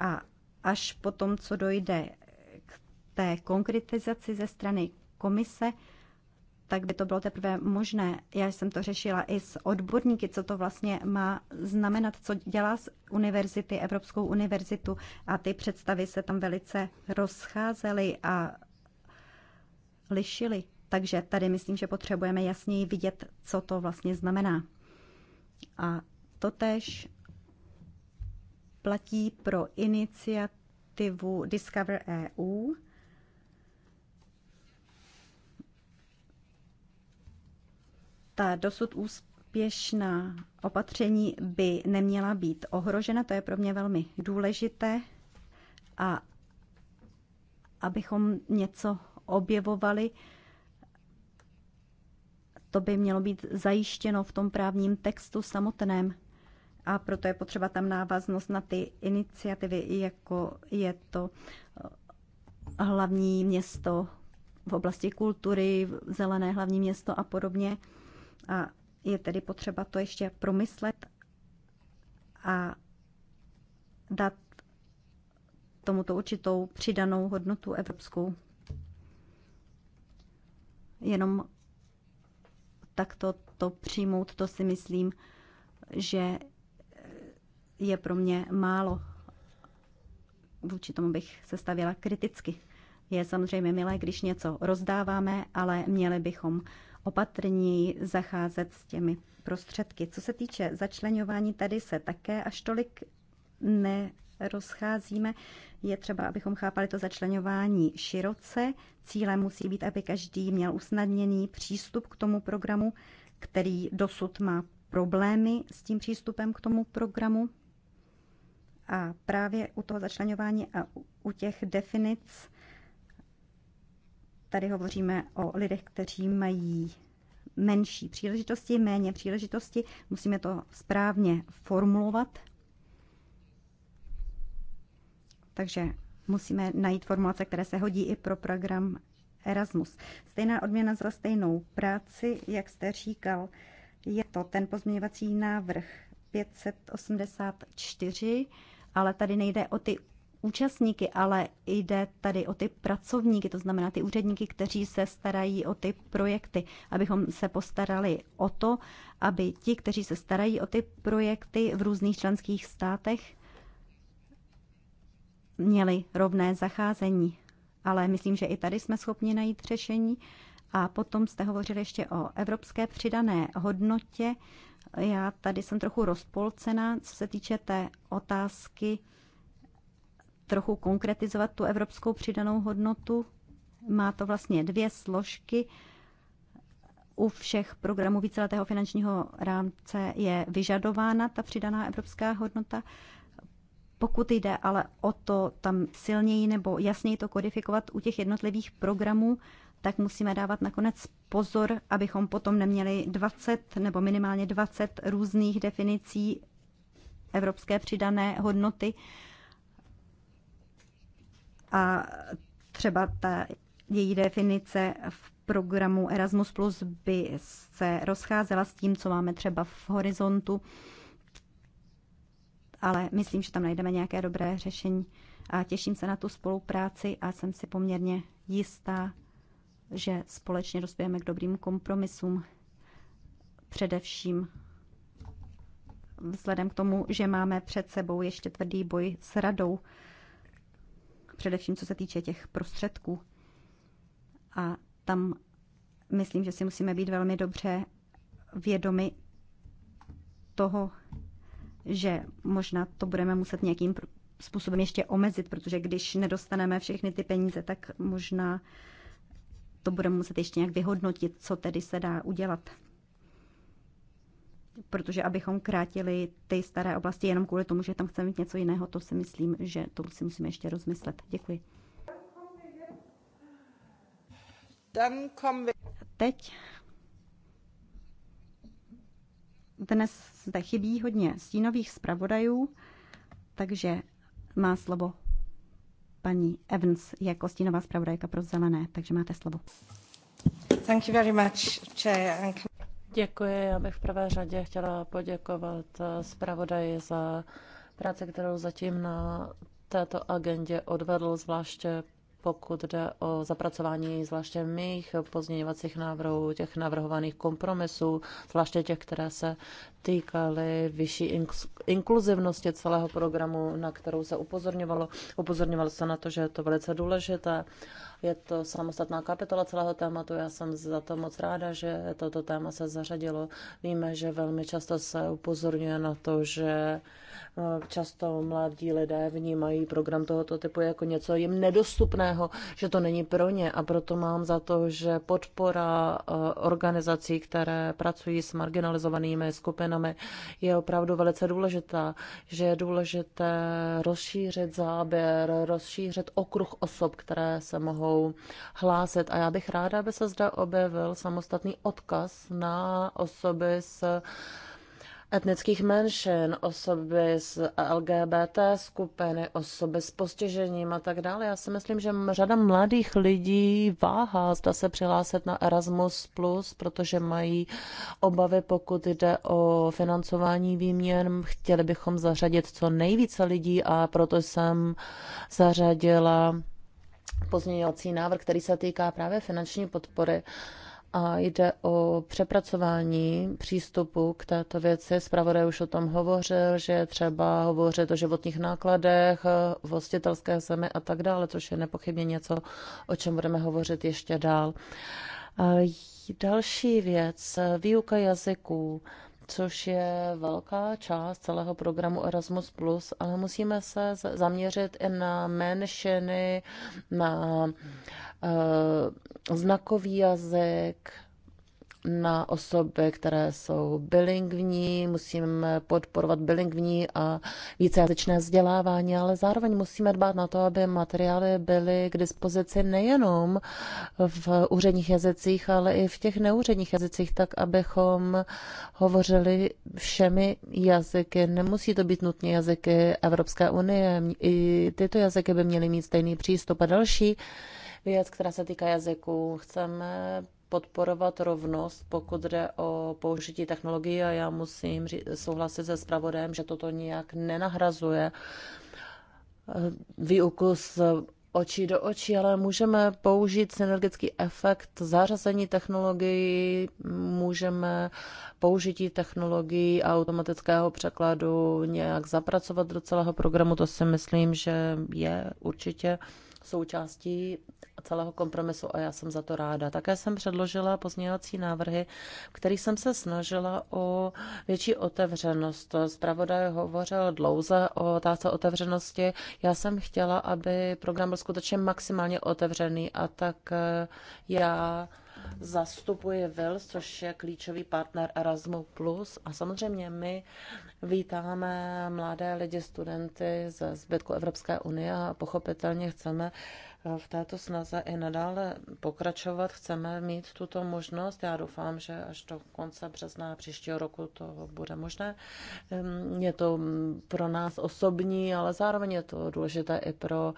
a až po tom, co dojde k té konkretizaci ze strany komise, tak by to bylo teprve možné. Já jsem to řešila i s odborníky, co to vlastně má znamenat, co dělá z univerzity, Evropskou univerzitu a ty představy se tam velice rozcházely a lišily. Takže tady myslím, že potřebujeme jasněji vidět, co to vlastně znamená. A totež platí pro iniciativu Discover EU. Ta dosud úspěšná opatření by neměla být ohrožena, to je pro mě velmi důležité. A abychom něco objevovali, to by mělo být zajištěno v tom právním textu samotném a proto je potřeba tam návaznost na ty iniciativy, jako je to eh, hlavní město v oblasti kultury, zelené hlavní město a podobně. A je tedy potřeba to ještě promyslet a dát tomuto určitou přidanou hodnotu evropskou. Jenom takto to přijmout, to si myslím, že je pro mě málo. Vůči tomu bych se stavěla kriticky. Je samozřejmě milé, když něco rozdáváme, ale měli bychom opatrněji zacházet s těmi prostředky. Co se týče začlenování, tady se také až tolik nerozcházíme. Je třeba, abychom chápali to začlenování široce. Cílem musí být, aby každý měl usnadněný přístup k tomu programu, který dosud má problémy s tím přístupem k tomu programu. A právě u toho začlenování a u těch definic tady hovoříme o lidech, kteří mají menší příležitosti, méně příležitosti. Musíme to správně formulovat. Takže musíme najít formulace, které se hodí i pro program Erasmus. Stejná odměna za stejnou práci, jak jste říkal, je to ten pozměňovací návrh 584 ale tady nejde o ty účastníky, ale jde tady o ty pracovníky, to znamená ty úředníky, kteří se starají o ty projekty, abychom se postarali o to, aby ti, kteří se starají o ty projekty v různých členských státech, měli rovné zacházení. Ale myslím, že i tady jsme schopni najít řešení. A potom jste hovořili ještě o evropské přidané hodnotě. Já tady jsem trochu rozpolcená, co se týče té otázky trochu konkretizovat tu evropskou přidanou hodnotu. Má to vlastně dvě složky. U všech programů víceletého finančního rámce je vyžadována ta přidaná evropská hodnota. Pokud jde ale o to tam silněji nebo jasněji to kodifikovat u těch jednotlivých programů, tak musíme dávat nakonec pozor, abychom potom neměli 20 nebo minimálně 20 různých definicí evropské přidané hodnoty. A třeba ta její definice v programu Erasmus Plus by se rozcházela s tím, co máme třeba v horizontu, ale myslím, že tam najdeme nějaké dobré řešení a těším se na tu spolupráci a jsem si poměrně jistá, že společně dospějeme k dobrým kompromisům. Především vzhledem k tomu, že máme před sebou ještě tvrdý boj s radou, především co se týče těch prostředků. A tam myslím, že si musíme být velmi dobře vědomi toho, že možná to budeme muset nějakým způsobem ještě omezit, protože když nedostaneme všechny ty peníze, tak možná to budeme muset ještě nějak vyhodnotit, co tedy se dá udělat. Protože abychom krátili ty staré oblasti jenom kvůli tomu, že tam chceme mít něco jiného, to si myslím, že to si musíme ještě rozmyslet. Děkuji. Teď dnes zde chybí hodně stínových zpravodajů, takže má slovo paní Evans jako stínová zpravodajka pro zelené, takže máte slovo. Thank you very much, Děkuji, já bych v prvé řadě chtěla poděkovat eh, zpravodaji za práci, kterou zatím na této agendě odvedl, zvláště pokud jde o zapracování zvláště mých pozměňovacích návrhů, těch navrhovaných kompromisů, zvláště těch, které se týkaly vyšší inkluzivnosti celého programu, na kterou se upozorňovalo. Upozorňovalo se na to, že je to velice důležité je to samostatná kapitola celého tématu. Já jsem za to moc ráda, že toto téma se zařadilo. Víme, že velmi často se upozorňuje na to, že eh, často mladí lidé vnímají program tohoto typu jako něco jim nedostupného, že to není pro ně a proto mám za to, že podpora eh, organizací, které pracují s marginalizovanými skupinami, je opravdu velice důležitá, že je důležité rozšířit záběr, rozšířit okruh osob, které se mohou budou hlásit. A já bych ráda, aby se zde objevil samostatný odkaz na osoby s etnických menšin, osoby z LGBT skupiny, osoby s postižením a tak dále. Já si myslím, že řada mladých lidí váhá, zda se přihlásit na Erasmus+, protože mají obavy, pokud jde o financování výměn. Chtěli bychom zařadit co nejvíce lidí a proto jsem zařadila pozměňovací návrh, který se týká právě finanční podpory a jde o přepracování přístupu k této věci. Zpravodaj už o tom hovořil, že je třeba hovořit o životních nákladech, v hostitelské zemi a tak dále, což je nepochybně něco, o čem budeme hovořit ještě dál. A další věc, výuka jazyků což je velká část celého programu Erasmus+, ale musíme se zaměřit i na menšiny, na uh, znakový jazyk, na osoby, které jsou bilingvní, musíme podporovat bilingvní a vícejazyčné vzdělávání, ale zároveň musíme dbát na to, aby materiály byly k dispozici nejenom v úředních jazycích, ale i v těch neúředních jazycích, tak abychom hovořili všemi jazyky. Nemusí to být nutně jazyky Evropské unie, i tyto jazyky by měly mít stejný přístup. A další věc, která se týká jazyku, chceme podporovat rovnost, pokud jde o použití technologií a já musím souhlasit se zpravodajem, že toto nijak nenahrazuje eh, výuku z očí do očí, ale můžeme použít synergický efekt zařazení technologií, můžeme použití technologií a automatického překladu nějak zapracovat do celého programu. To si myslím, že je určitě součástí celého kompromisu a já jsem za to ráda. Také jsem předložila pozměňovací návrhy, který jsem se snažila o větší otevřenost. Zpravodaj hovořil dlouze o otázce otevřenosti. Já jsem chtěla, aby program byl skutečně maximálně otevřený a tak eh, já zastupuje Vils, což je klíčový partner Erasmu+. A samozřejmě my vítáme mladé lidi, studenty ze zbytku Evropské unie a pochopitelně chceme v této snaze i nadále pokračovat. Chceme mít tuto možnost. Já doufám, že až do konce března příštího roku to bude možné. Je to pro nás osobní, ale zároveň je to důležité i pro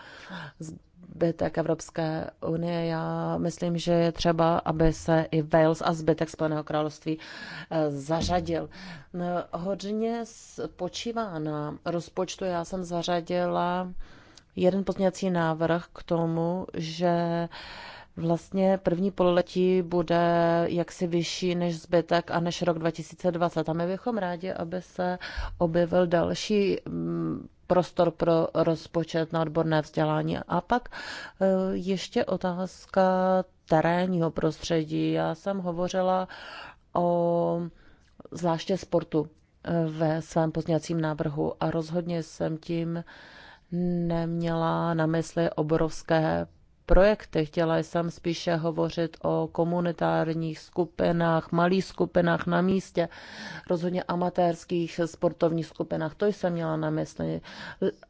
zbytek Evropské unie. Já myslím, že je třeba, aby se i Wales a zbytek Spojeného království eh, zařadil. Hodně počívá na rozpočtu. Já jsem zařadila jeden pozměňovací návrh k tomu, že vlastně první pololetí bude jaksi vyšší než zbytek a než rok 2020. A my bychom rádi, aby se objevil další mm, prostor pro rozpočet na odborné vzdělání. A pak eh, ještě otázka terénního prostředí. Já jsem hovořila o zvláště sportu eh, ve svém pozněcím návrhu a rozhodně jsem tím neměla na mysli obrovské projekty. Chtěla jsem spíše hovořit o komunitárních skupinách, malých skupinách na místě, rozhodně amatérských sportovních skupinách. To jsem měla na mysli.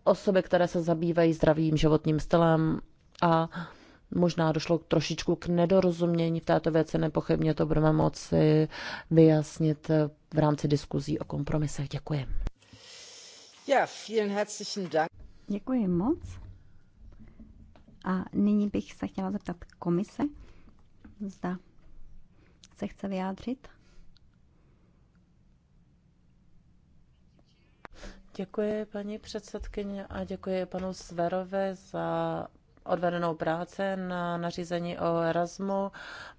Osoby, které se zabývají zdravým životním stylem a možná došlo trošičku k nedorozumění v této věci, nepochybně to budeme moci vyjasnit v rámci diskuzí o kompromisech. Děkuji. Ja, vielen herzlichen Dank. Děkuji moc. A nyní bych se chtěla zeptat komise, zda se chce vyjádřit. Děkuji paní předsedkyně a děkuji panu Sverovi za odvedenou práce na nařízení o Erasmu.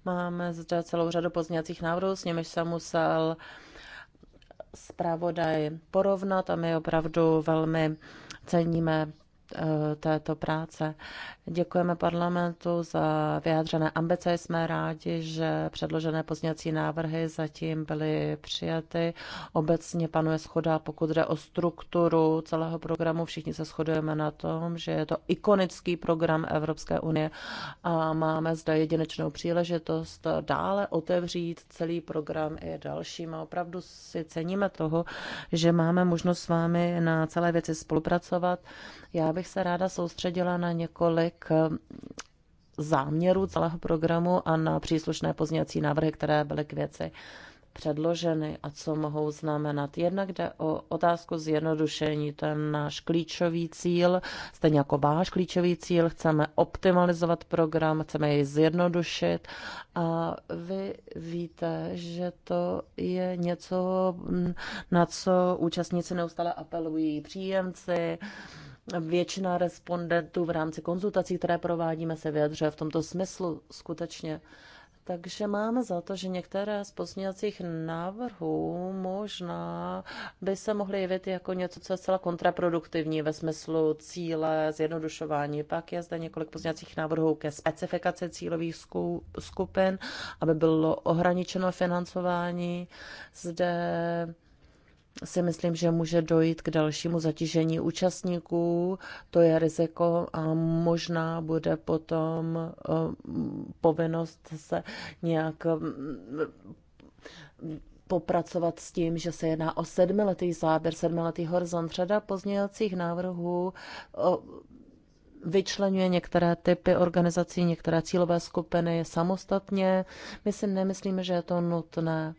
Máme zde celou řadu pozněcích návrhů, s nimiž jsem musel zpravodaj porovnat a my opravdu velmi ceníme Eh, této práce. Děkujeme parlamentu za vyjádřené ambice. Jsme rádi, že předložené pozněcí návrhy zatím byly přijaty. Obecně panuje schoda, pokud jde o strukturu celého programu. Všichni se shodujeme na tom, že je to ikonický program Evropské unie a máme zde jedinečnou příležitost dále otevřít celý program i dalším. A opravdu si ceníme toho, že máme možnost s vámi na celé věci spolupracovat. Já bych bych se ráda soustředila na několik eh, záměrů celého programu a na příslušné pozněcí návrhy, které byly k věci předloženy a co mohou znamenat. Jednak jde o otázku zjednodušení, to je náš klíčový cíl, stejně jako váš klíčový cíl. Chceme optimalizovat program, chceme jej zjednodušit a vy víte, že to je něco, mm, na co účastníci neustále apelují, příjemci, Většina respondentů v rámci konzultací, které provádíme, se vyjadřuje v tomto smyslu skutečně. Takže máme za to, že některé z pozměňovacích návrhů možná by se mohly jevit jako něco, co je zcela kontraproduktivní ve smyslu cíle, zjednodušování. Pak je zde několik pozměňovacích návrhů ke specifikaci cílových skupin, aby bylo ohraničeno financování. Zde si myslím, že může dojít k dalšímu zatížení účastníků. To je riziko a možná bude potom eh, povinnost se nějak mm, popracovat s tím, že se jedná o sedmiletý záběr, sedmiletý horizont. Řada pozdějacích návrhů eh, vyčlenuje některé typy organizací, některé cílové skupiny samostatně. My si nemyslíme, že je to nutné.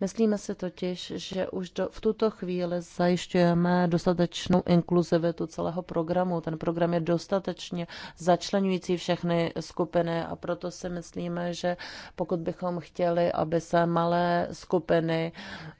Myslíme si totiž, že už do, v tuto chvíli zajišťujeme dostatečnou inkluzivitu celého programu. Ten program je dostatečně začlenující všechny skupiny a proto si myslíme, že pokud bychom chtěli, aby se malé skupiny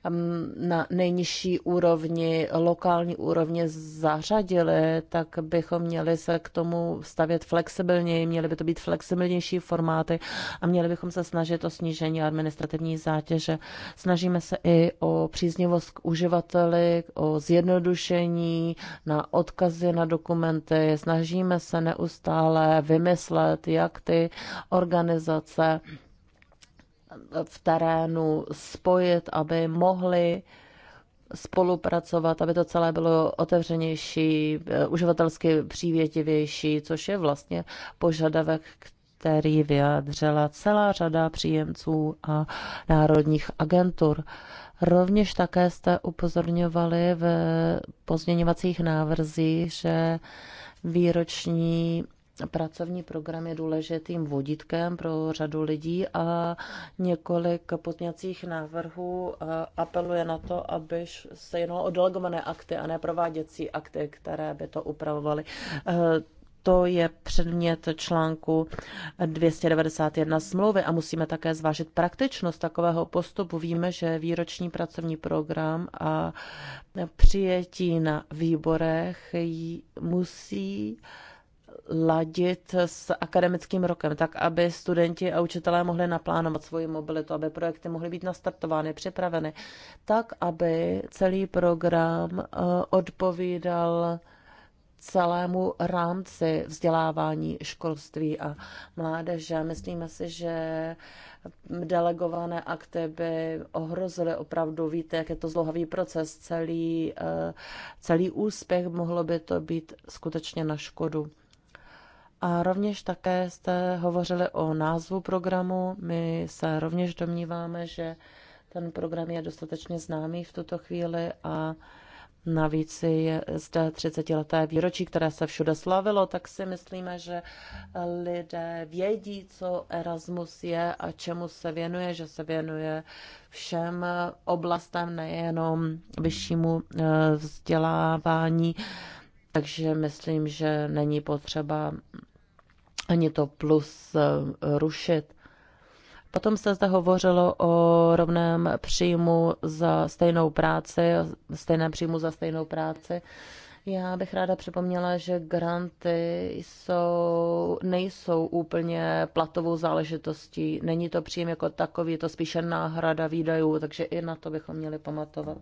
mm, na nejnižší úrovni, lokální úrovni zařadily, tak bychom měli se k tomu stavět flexibilněji, měly by to být flexibilnější formáty a měli bychom se snažit o snížení administrativní zátěže. Snažíme se i o příznivost k uživateli, o zjednodušení, na odkazy na dokumenty. Snažíme se neustále vymyslet, jak ty organizace v terénu spojit, aby mohly spolupracovat, aby to celé bylo otevřenější, eh, uživatelsky přívětivější, což je vlastně požadavek, který vyjádřila celá řada příjemců a národních agentur. Rovněž také jste upozorňovali v pozměňovacích návrzích, že výroční pracovní program je důležitým vodítkem pro řadu lidí a několik pozměňovacích návrhů eh, apeluje na to, aby se jednalo o delegované akty a ne prováděcí akty, které by to upravovaly. Eh, to je předmět článku 291 smlouvy a musíme také zvážit praktičnost takového postupu. Víme, že výroční pracovní program a přijetí na výborech musí ladit s akademickým rokem, tak aby studenti a učitelé mohli naplánovat svoji mobilitu, aby projekty mohly být nastartovány, připraveny, tak aby celý program eh, odpovídal celému rámci vzdělávání školství a mládeže. Myslíme si, že delegované akty by ohrozily opravdu, víte, jak je to zlohavý proces, celý, eh, celý úspěch, mohlo by to být skutečně na škodu. A rovněž také jste hovořili o názvu programu. My se rovněž domníváme, že ten program je dostatečně známý v tuto chvíli a Navíc je zde 30-leté výročí, které se všude slavilo, tak si myslíme, že lidé vědí, co Erasmus je a čemu se věnuje, že se věnuje všem oblastem, nejenom vyššímu eh, vzdělávání. Takže myslím, že není potřeba ani to plus eh, rušit. Potom se zde hovořilo o rovném příjmu za stejnou práci, stejném příjmu za stejnou práci. Já bych ráda připomněla, že granty jsou, nejsou úplně platovou záležitostí. Není to příjem jako takový, je to spíše náhrada výdajů, takže i na to bychom měli pamatovat.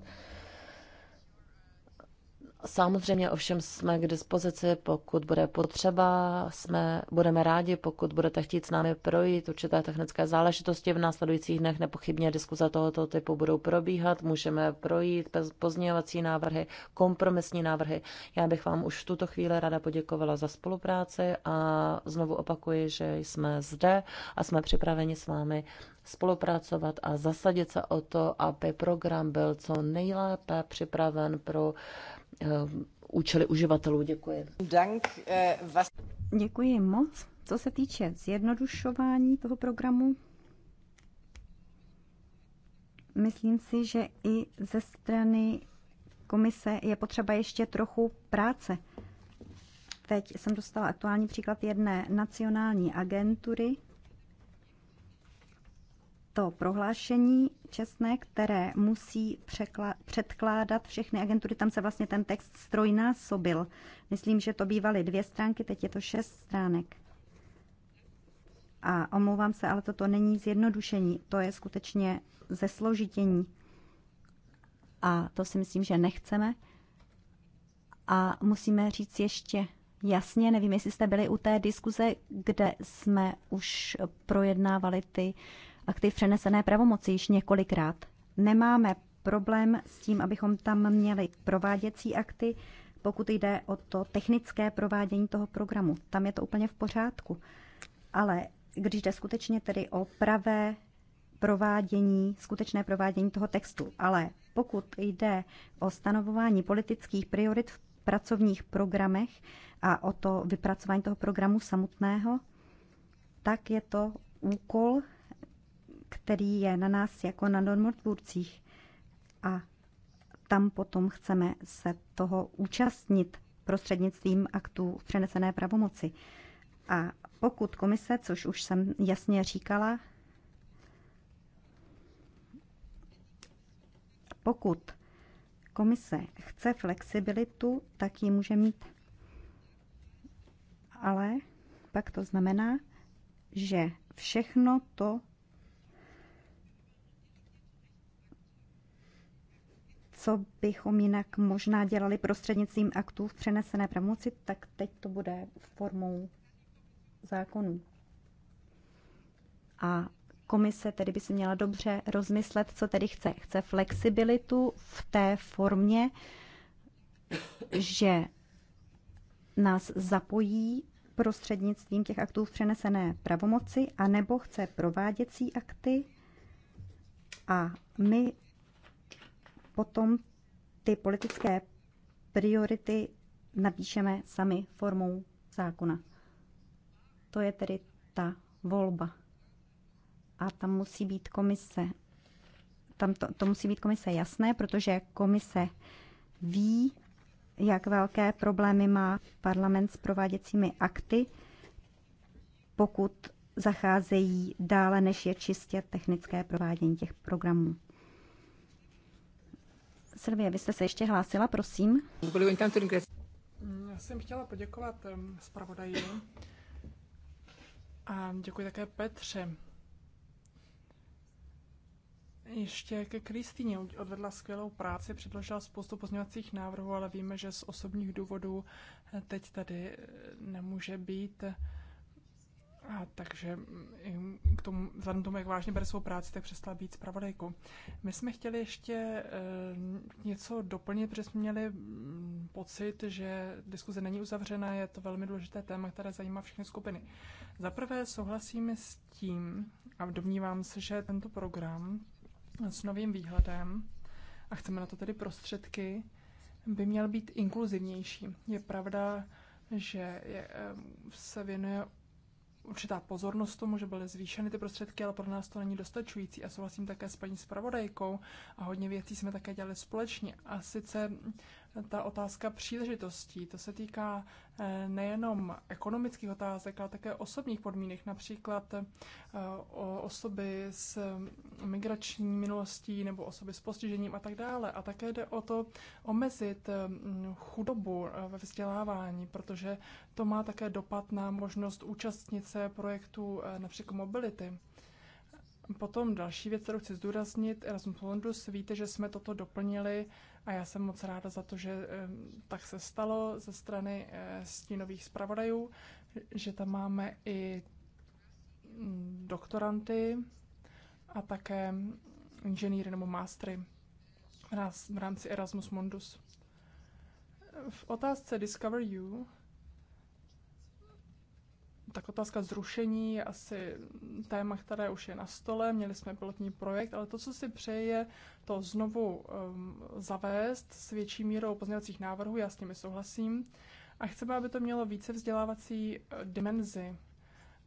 Samozřejmě ovšem jsme k dispozici, pokud bude potřeba, jsme, budeme rádi, pokud budete chtít s námi projít určité technické záležitosti v následujících dnech, nepochybně diskuze tohoto typu budou probíhat, můžeme projít bez pozměňovací návrhy, kompromisní návrhy. Já bych vám už v tuto chvíli ráda poděkovala za spolupráci a znovu opakuji, že jsme zde a jsme připraveni s vámi spolupracovat a zasadit se o to, aby program byl co nejlépe připraven pro Eh, účely uživatelů. Děkuji. Eh, Děkuji moc. Co se týče zjednodušování toho programu, myslím si, že i ze strany komise je potřeba ještě trochu práce. Teď jsem dostala aktuální příklad jedné nacionální agentury, to prohlášení čestné, které musí předkládat všechny agentury. Tam se vlastně ten text strojnásobil. Myslím, že to bývaly dvě stránky, teď je to šest stránek. A omlouvám se, ale toto není zjednodušení, to je skutečně zesložitění. A to si myslím, že nechceme. A musíme říct ještě jasně, nevím, jestli jste byli u té diskuze, kde jsme už projednávali ty uh, aktiv přenesené pravomoci již několikrát. Nemáme problém s tím, abychom tam měli prováděcí akty, pokud jde o to technické provádění toho programu. Tam je to úplně v pořádku. Ale když jde skutečně tedy o pravé provádění, skutečné provádění toho textu, ale pokud jde o stanovování politických priorit v pracovních programech a o to vypracování toho programu samotného, tak je to úkol který je na nás jako na normotvůrcích. A tam potom chceme se toho účastnit prostřednictvím aktů v přenesené pravomoci. A pokud komise, což už jsem jasně říkala, pokud komise chce flexibilitu, tak ji může mít. Ale pak to znamená, že všechno to, co bychom jinak možná dělali prostřednictvím aktů v přenesené pravomoci, tak teď to bude formou zákonů. A komise tedy by si měla dobře rozmyslet, co tedy chce. Chce flexibilitu v té formě, že nás zapojí prostřednictvím těch aktů v přenesené pravomoci, anebo chce prováděcí akty a my potom ty politické priority napíšeme sami formou zákona. To je tedy ta volba. A tam musí být komise. Tam to, to musí být komise jasné, protože komise ví, jak velké problémy má parlament s prováděcími akty, pokud zacházejí dále, než je čistě technické provádění těch programů. Silvie, vy jste se ještě hlásila, prosím. Já jsem chtěla poděkovat zpravodaji a děkuji také Petře. Ještě ke Kristýně odvedla skvělou práci, předložila spoustu pozměňovacích návrhů, ale víme, že z osobních důvodů eh, teď tady eh, nemůže být. A takže mm, k tomu, vzhledem tomu, jak vážně bere svou práci, tak přestala být zpravodajkou. My jsme chtěli ještě e, něco doplnit, protože jsme měli mm, pocit, že diskuze není uzavřena, je to velmi důležité téma, které zajímá všechny skupiny. Za prvé souhlasíme s tím, a domnívám se, že tento program s novým výhledem, a chceme na to tedy prostředky, by měl být inkluzivnější. Je pravda, že je, eh, se věnuje určitá pozornost tomu, že byly zvýšeny ty prostředky, ale pro nás to není dostačující. A souhlasím také s paní zpravodajkou a hodně věcí jsme také dělali společně. A sice ta otázka příležitostí. To se týká eh, nejenom ekonomických otázek, ale také osobních podmínek, například eh, osoby s mm, migrační minulostí nebo osoby s postižením a tak dále. A také jde o to omezit mm, chudobu eh, ve vzdělávání, protože to má také dopad na možnost účastnit se projektů například mobility. Potom další věc, kterou chci zdůraznit, Erasmus Mundus, víte, že jsme toto doplnili a já jsem moc ráda za to, že tak se stalo ze strany eh, stínových zpravodajů, že tam máme i mm, doktoranty a také inženýry nebo mástry v rámci Erasmus Mundus. V otázce Discover You tak otázka zrušení je asi téma, které už je na stole. Měli jsme pilotní projekt, ale to, co si přeje, to znovu um, zavést s větší mírou pozměňovacích návrhů, já s nimi souhlasím. A chceme, aby to mělo více vzdělávací eh, dimenzi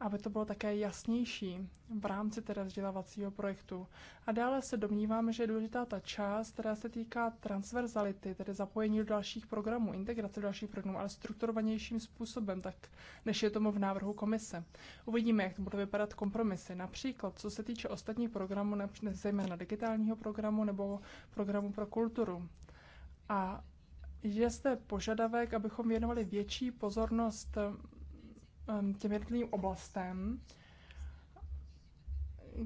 aby to bylo také jasnější v rámci teda vzdělávacího projektu. A dále se domníváme, že je důležitá ta část, která se týká transverzality, tedy zapojení do dalších programů, integrace do dalších programů, ale strukturovanějším způsobem, tak než je tomu v návrhu komise. Uvidíme, jak to budou vypadat kompromisy. Například, co se týče ostatních programů, zejména digitálního programu nebo programu pro kulturu. A je zde požadavek, abychom věnovali větší pozornost Um, těm jednotlivým oblastem,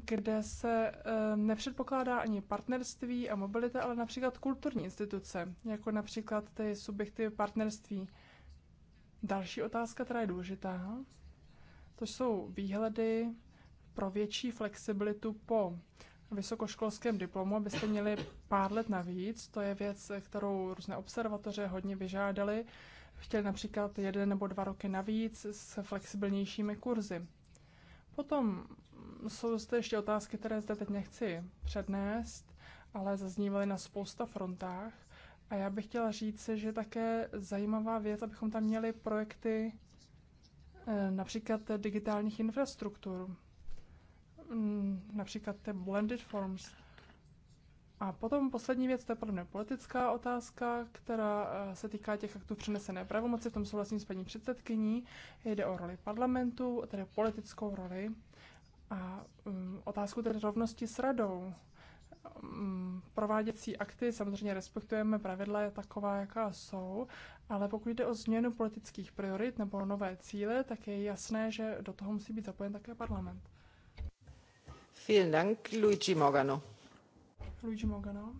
kde se um, nepředpokládá ani partnerství a mobilita, ale například kulturní instituce, jako například ty subjekty partnerství. Další otázka, která je důležitá, to jsou výhledy pro větší flexibilitu po vysokoškolském diplomu, abyste měli pár let navíc. To je věc, kterou různé observatoře hodně vyžádali chtěli například jeden nebo dva roky navíc s flexibilnějšími kurzy. Potom jsou zde ještě otázky, které zde teď nechci přednést, ale zaznívaly na spousta frontách. A já bych chtěla říct, že také zajímavá věc, abychom tam měli projekty eh, například digitálních infrastruktur, mm, například ty blended forms, a potom poslední věc, to je podobně politická otázka, která eh, se týká těch aktů přenesené pravomoci, v tom souhlasím s paní předsedkyní, jde o roli parlamentu, tedy politickou roli a um, otázku tedy rovnosti s radou. Um, prováděcí akty samozřejmě respektujeme pravidla taková, jaká jsou, ale pokud jde o změnu politických priorit nebo nové cíle, tak je jasné, že do toho musí být zapojen také parlament. Vielen Dank, Luigi Morgano. Luigi Mogana.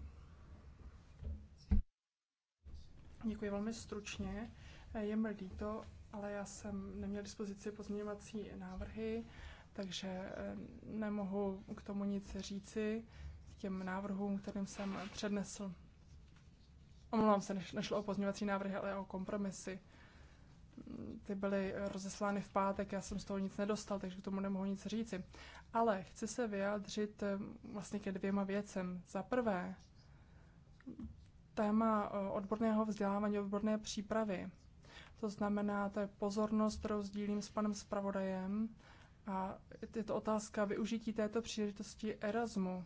Děkuji velmi stručně. Je mi líto, ale já jsem neměl dispozici pozměňovací návrhy, takže eh, nemohu k tomu nic říci, k těm návrhům, kterým jsem přednesl. Omlouvám se, nešlo o pozměňovací návrhy, ale o kompromisy. Ty byly rozeslány v pátek, já jsem z toho nic nedostal, takže k tomu nemohu nic říci. Ale chci se vyjádřit eh, vlastně ke dvěma věcem. Za prvé, téma eh, odborného vzdělávání, odborné přípravy. To znamená, to je pozornost, kterou sdílím s panem zpravodajem. A je to otázka využití této příležitosti Erasmu.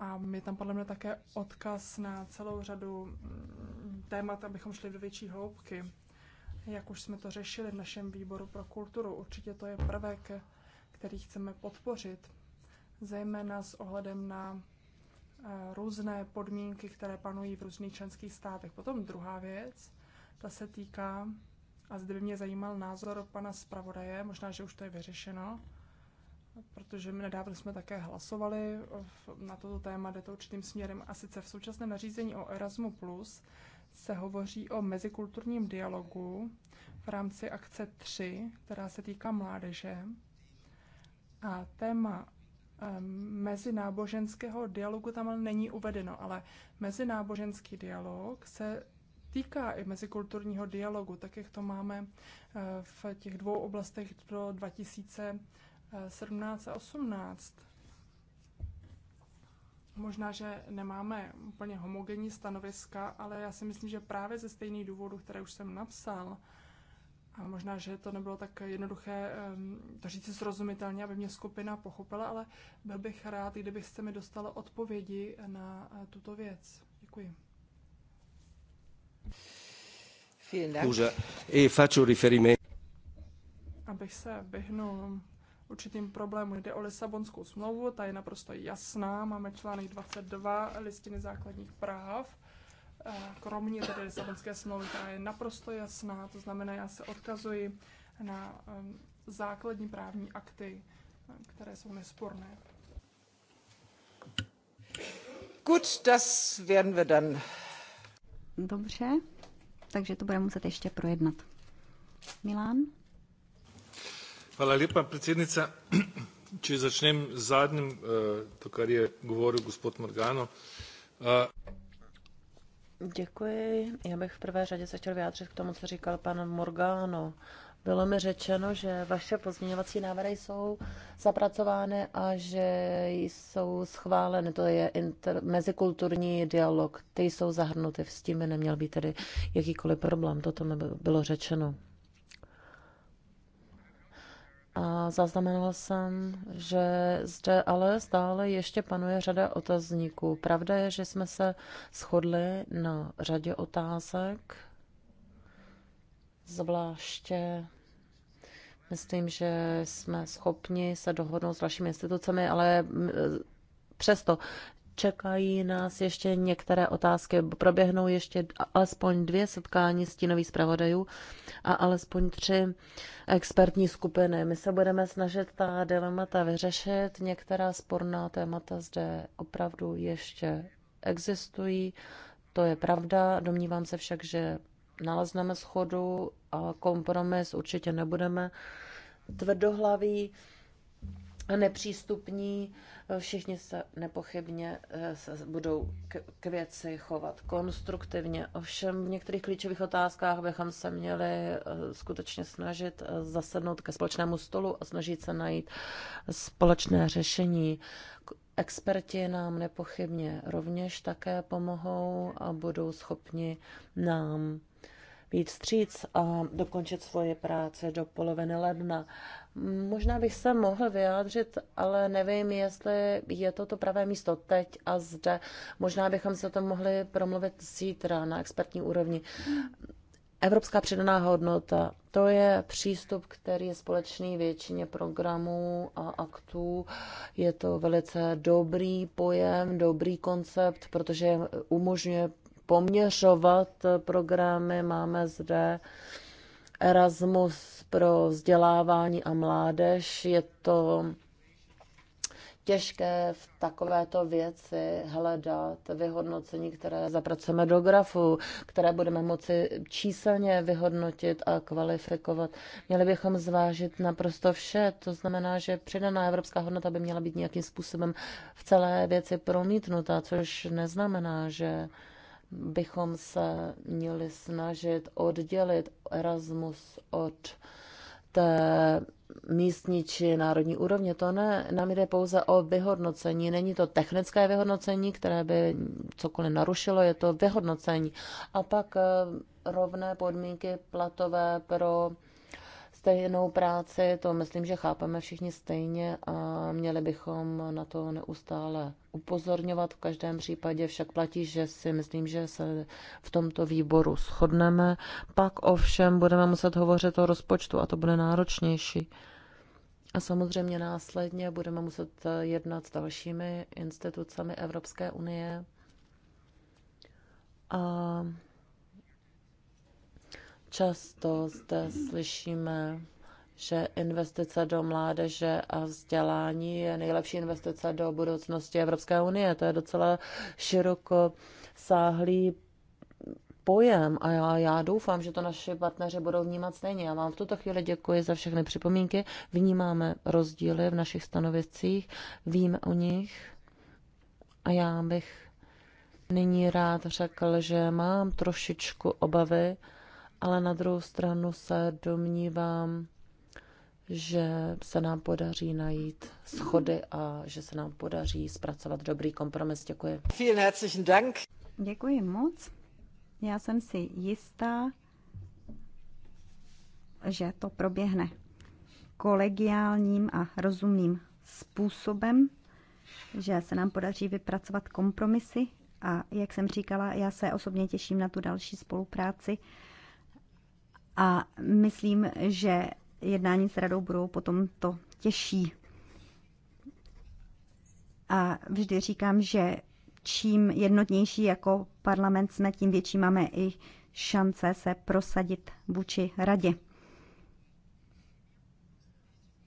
A je tam podle mě také odkaz na celou řadu mm, témat, abychom šli do větší hloubky. Jak už jsme to řešili v našem výboru pro kulturu, určitě to je prvek, který chceme podpořit, zejména s ohledem na eh, různé podmínky, které panují v různých členských státech. Potom druhá věc, ta se týká, a zde by mě zajímal názor pana zpravodaje, možná, že už to je vyřešeno, protože my nedávno jsme také hlasovali na toto téma, jde to určitým směrem. A sice v současném nařízení o Erasmu+, Plus se hovoří o mezikulturním dialogu v rámci akce 3, která se týká mládeže. A téma mezináboženského dialogu tam není uvedeno, ale mezináboženský dialog se týká i mezikulturního dialogu, tak jak to máme eh, v těch dvou oblastech pro 2017 a 18. Možná, že nemáme úplně homogenní stanoviska, ale já si myslím, že právě ze stejných důvodů, které už jsem napsal, a možná, že to nebylo tak jednoduché to říct srozumitelně, aby mě skupina pochopila, ale byl bych rád, kdybyste mi dostala odpovědi na eh, tuto věc. Děkuji. E Abych se vyhnul určitým problémům. Jde o Lisabonskou smlouvu, ta je naprosto jasná. Máme článek 22 listiny základních práv kromě tedy Lisabonské smlouvy, která je naprosto jasná, to znamená, já se odkazuji na um, základní právní akty, um, které jsou nesporné. Gut, das werden wir dann. Dobře, takže to budeme muset ještě projednat. Milan? Hvala lepa, predsednica. Če začnem z zadnjim, eh, to kar je govoril gospod Morgano. Eh, Děkuji. Já bych v prvé řadě se chtěl vyjádřit k tomu, co říkal pan Morgano. Bylo mi řečeno, že vaše pozměňovací návrhy jsou zapracovány a že jsou schváleny. To je inter, mezikulturní dialog. Ty jsou zahrnuty. S tím by neměl být tedy jakýkoliv problém. Toto mi bylo řečeno. A zaznamenal jsem, že zde ale stále ještě panuje řada otazníků. Pravda je, že jsme se shodli na řadě otázek, zvláště myslím, že jsme schopni se dohodnout s vašimi institucemi, ale e, přesto Čekají nás ještě některé otázky. Proběhnou ještě alespoň dvě setkání stínových zpravodajů a alespoň tři expertní skupiny. My se budeme snažit ta dilemata vyřešit. Některá sporná témata zde opravdu ještě existují. To je pravda. Domnívám se však, že nalezneme schodu a kompromis určitě nebudeme tvrdohlavý a nepřístupní. Všichni se nepochybně eh, se budou k věci chovat konstruktivně. Ovšem v některých klíčových otázkách bychom se měli eh, skutečně snažit eh, zasednout ke společnému stolu a snažit se najít společné řešení. Experti nám nepochybně rovněž také pomohou a budou schopni nám být stříc a dokončit svoje práce do poloviny ledna. Možná bych se mohl vyjádřit, ale nevím, jestli je to to pravé místo teď a zde. Možná bychom se to mohli promluvit zítra na expertní úrovni. Evropská přidaná hodnota, to je přístup, který je společný většině programů a aktů. Je to velice dobrý pojem, dobrý koncept, protože umožňuje poměřovat eh, programy. Máme zde Erasmus pro vzdělávání a mládež. Je to těžké v takovéto věci hledat vyhodnocení, které zapracujeme do grafu, které budeme moci číselně vyhodnotit a kvalifikovat. Měli bychom zvážit naprosto vše, to znamená, že přidaná evropská hodnota by měla být nějakým způsobem v celé věci promítnuta, což neznamená, že bychom se měli snažit oddělit Erasmus od té místní či národní úrovně. To ne, nám jde pouze o vyhodnocení. Není to technické vyhodnocení, které by cokoliv narušilo, je to vyhodnocení. A pak eh, rovné podmínky platové pro stejnou práci, to myslím, že chápeme všichni stejně a měli bychom na to neustále upozorňovat. V každém případě však platí, že si myslím, že se v tomto výboru shodneme. Pak ovšem budeme muset hovořit o rozpočtu a to bude náročnější. A samozřejmě následně budeme muset jednat s dalšími institucemi Evropské unie. A Často zde slyšíme, že investice do mládeže a vzdělání je nejlepší investice do budoucnosti Evropské unie. To je docela široko sáhlý pojem a já, já doufám, že to naši partneři budou vnímat stejně. Já vám v tuto chvíli děkuji za všechny připomínky. Vnímáme rozdíly v našich stanoviscích, víme o nich a já bych nyní rád řekl, že mám trošičku obavy, ale na druhou stranu se domnívám, že se nám podaří najít schody a že se nám podaří zpracovat dobrý kompromis. Děkuji. Vielen herzlichen Dank. Děkuji moc. Já jsem si jistá, že to proběhne kolegiálním a rozumným způsobem, že se nám podaří vypracovat kompromisy a jak jsem říkala, já se osobně těším na tu další spolupráci a myslím, že jednání s radou budou potom to těžší. A vždy říkám, že čím jednotnější jako parlament jsme, tím větší máme i šance se prosadit vůči radě.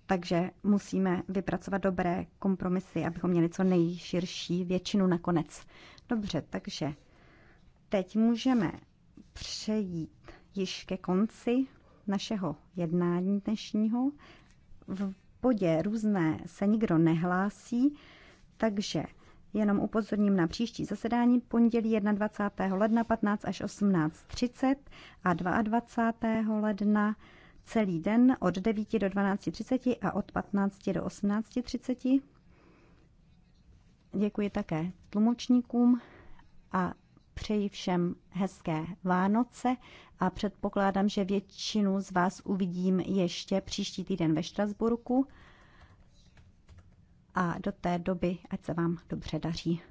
Takže musíme vypracovat dobré kompromisy, abychom měli co nejširší většinu nakonec. Dobře, takže teď můžeme přejít již ke konci našeho jednání dnešního. V bodě různé se nikdo nehlásí, takže jenom upozorním na příští zasedání pondělí 21. ledna 15 až 18.30 a 22. ledna celý den od 9 do 12.30 a od 15 do 18.30. Děkuji také tlumočníkům a Přeji všem hezké Vánoce a předpokládám, že většinu z vás uvidím ještě příští týden ve Štrasburku. A do té doby, ať se vám dobře daří.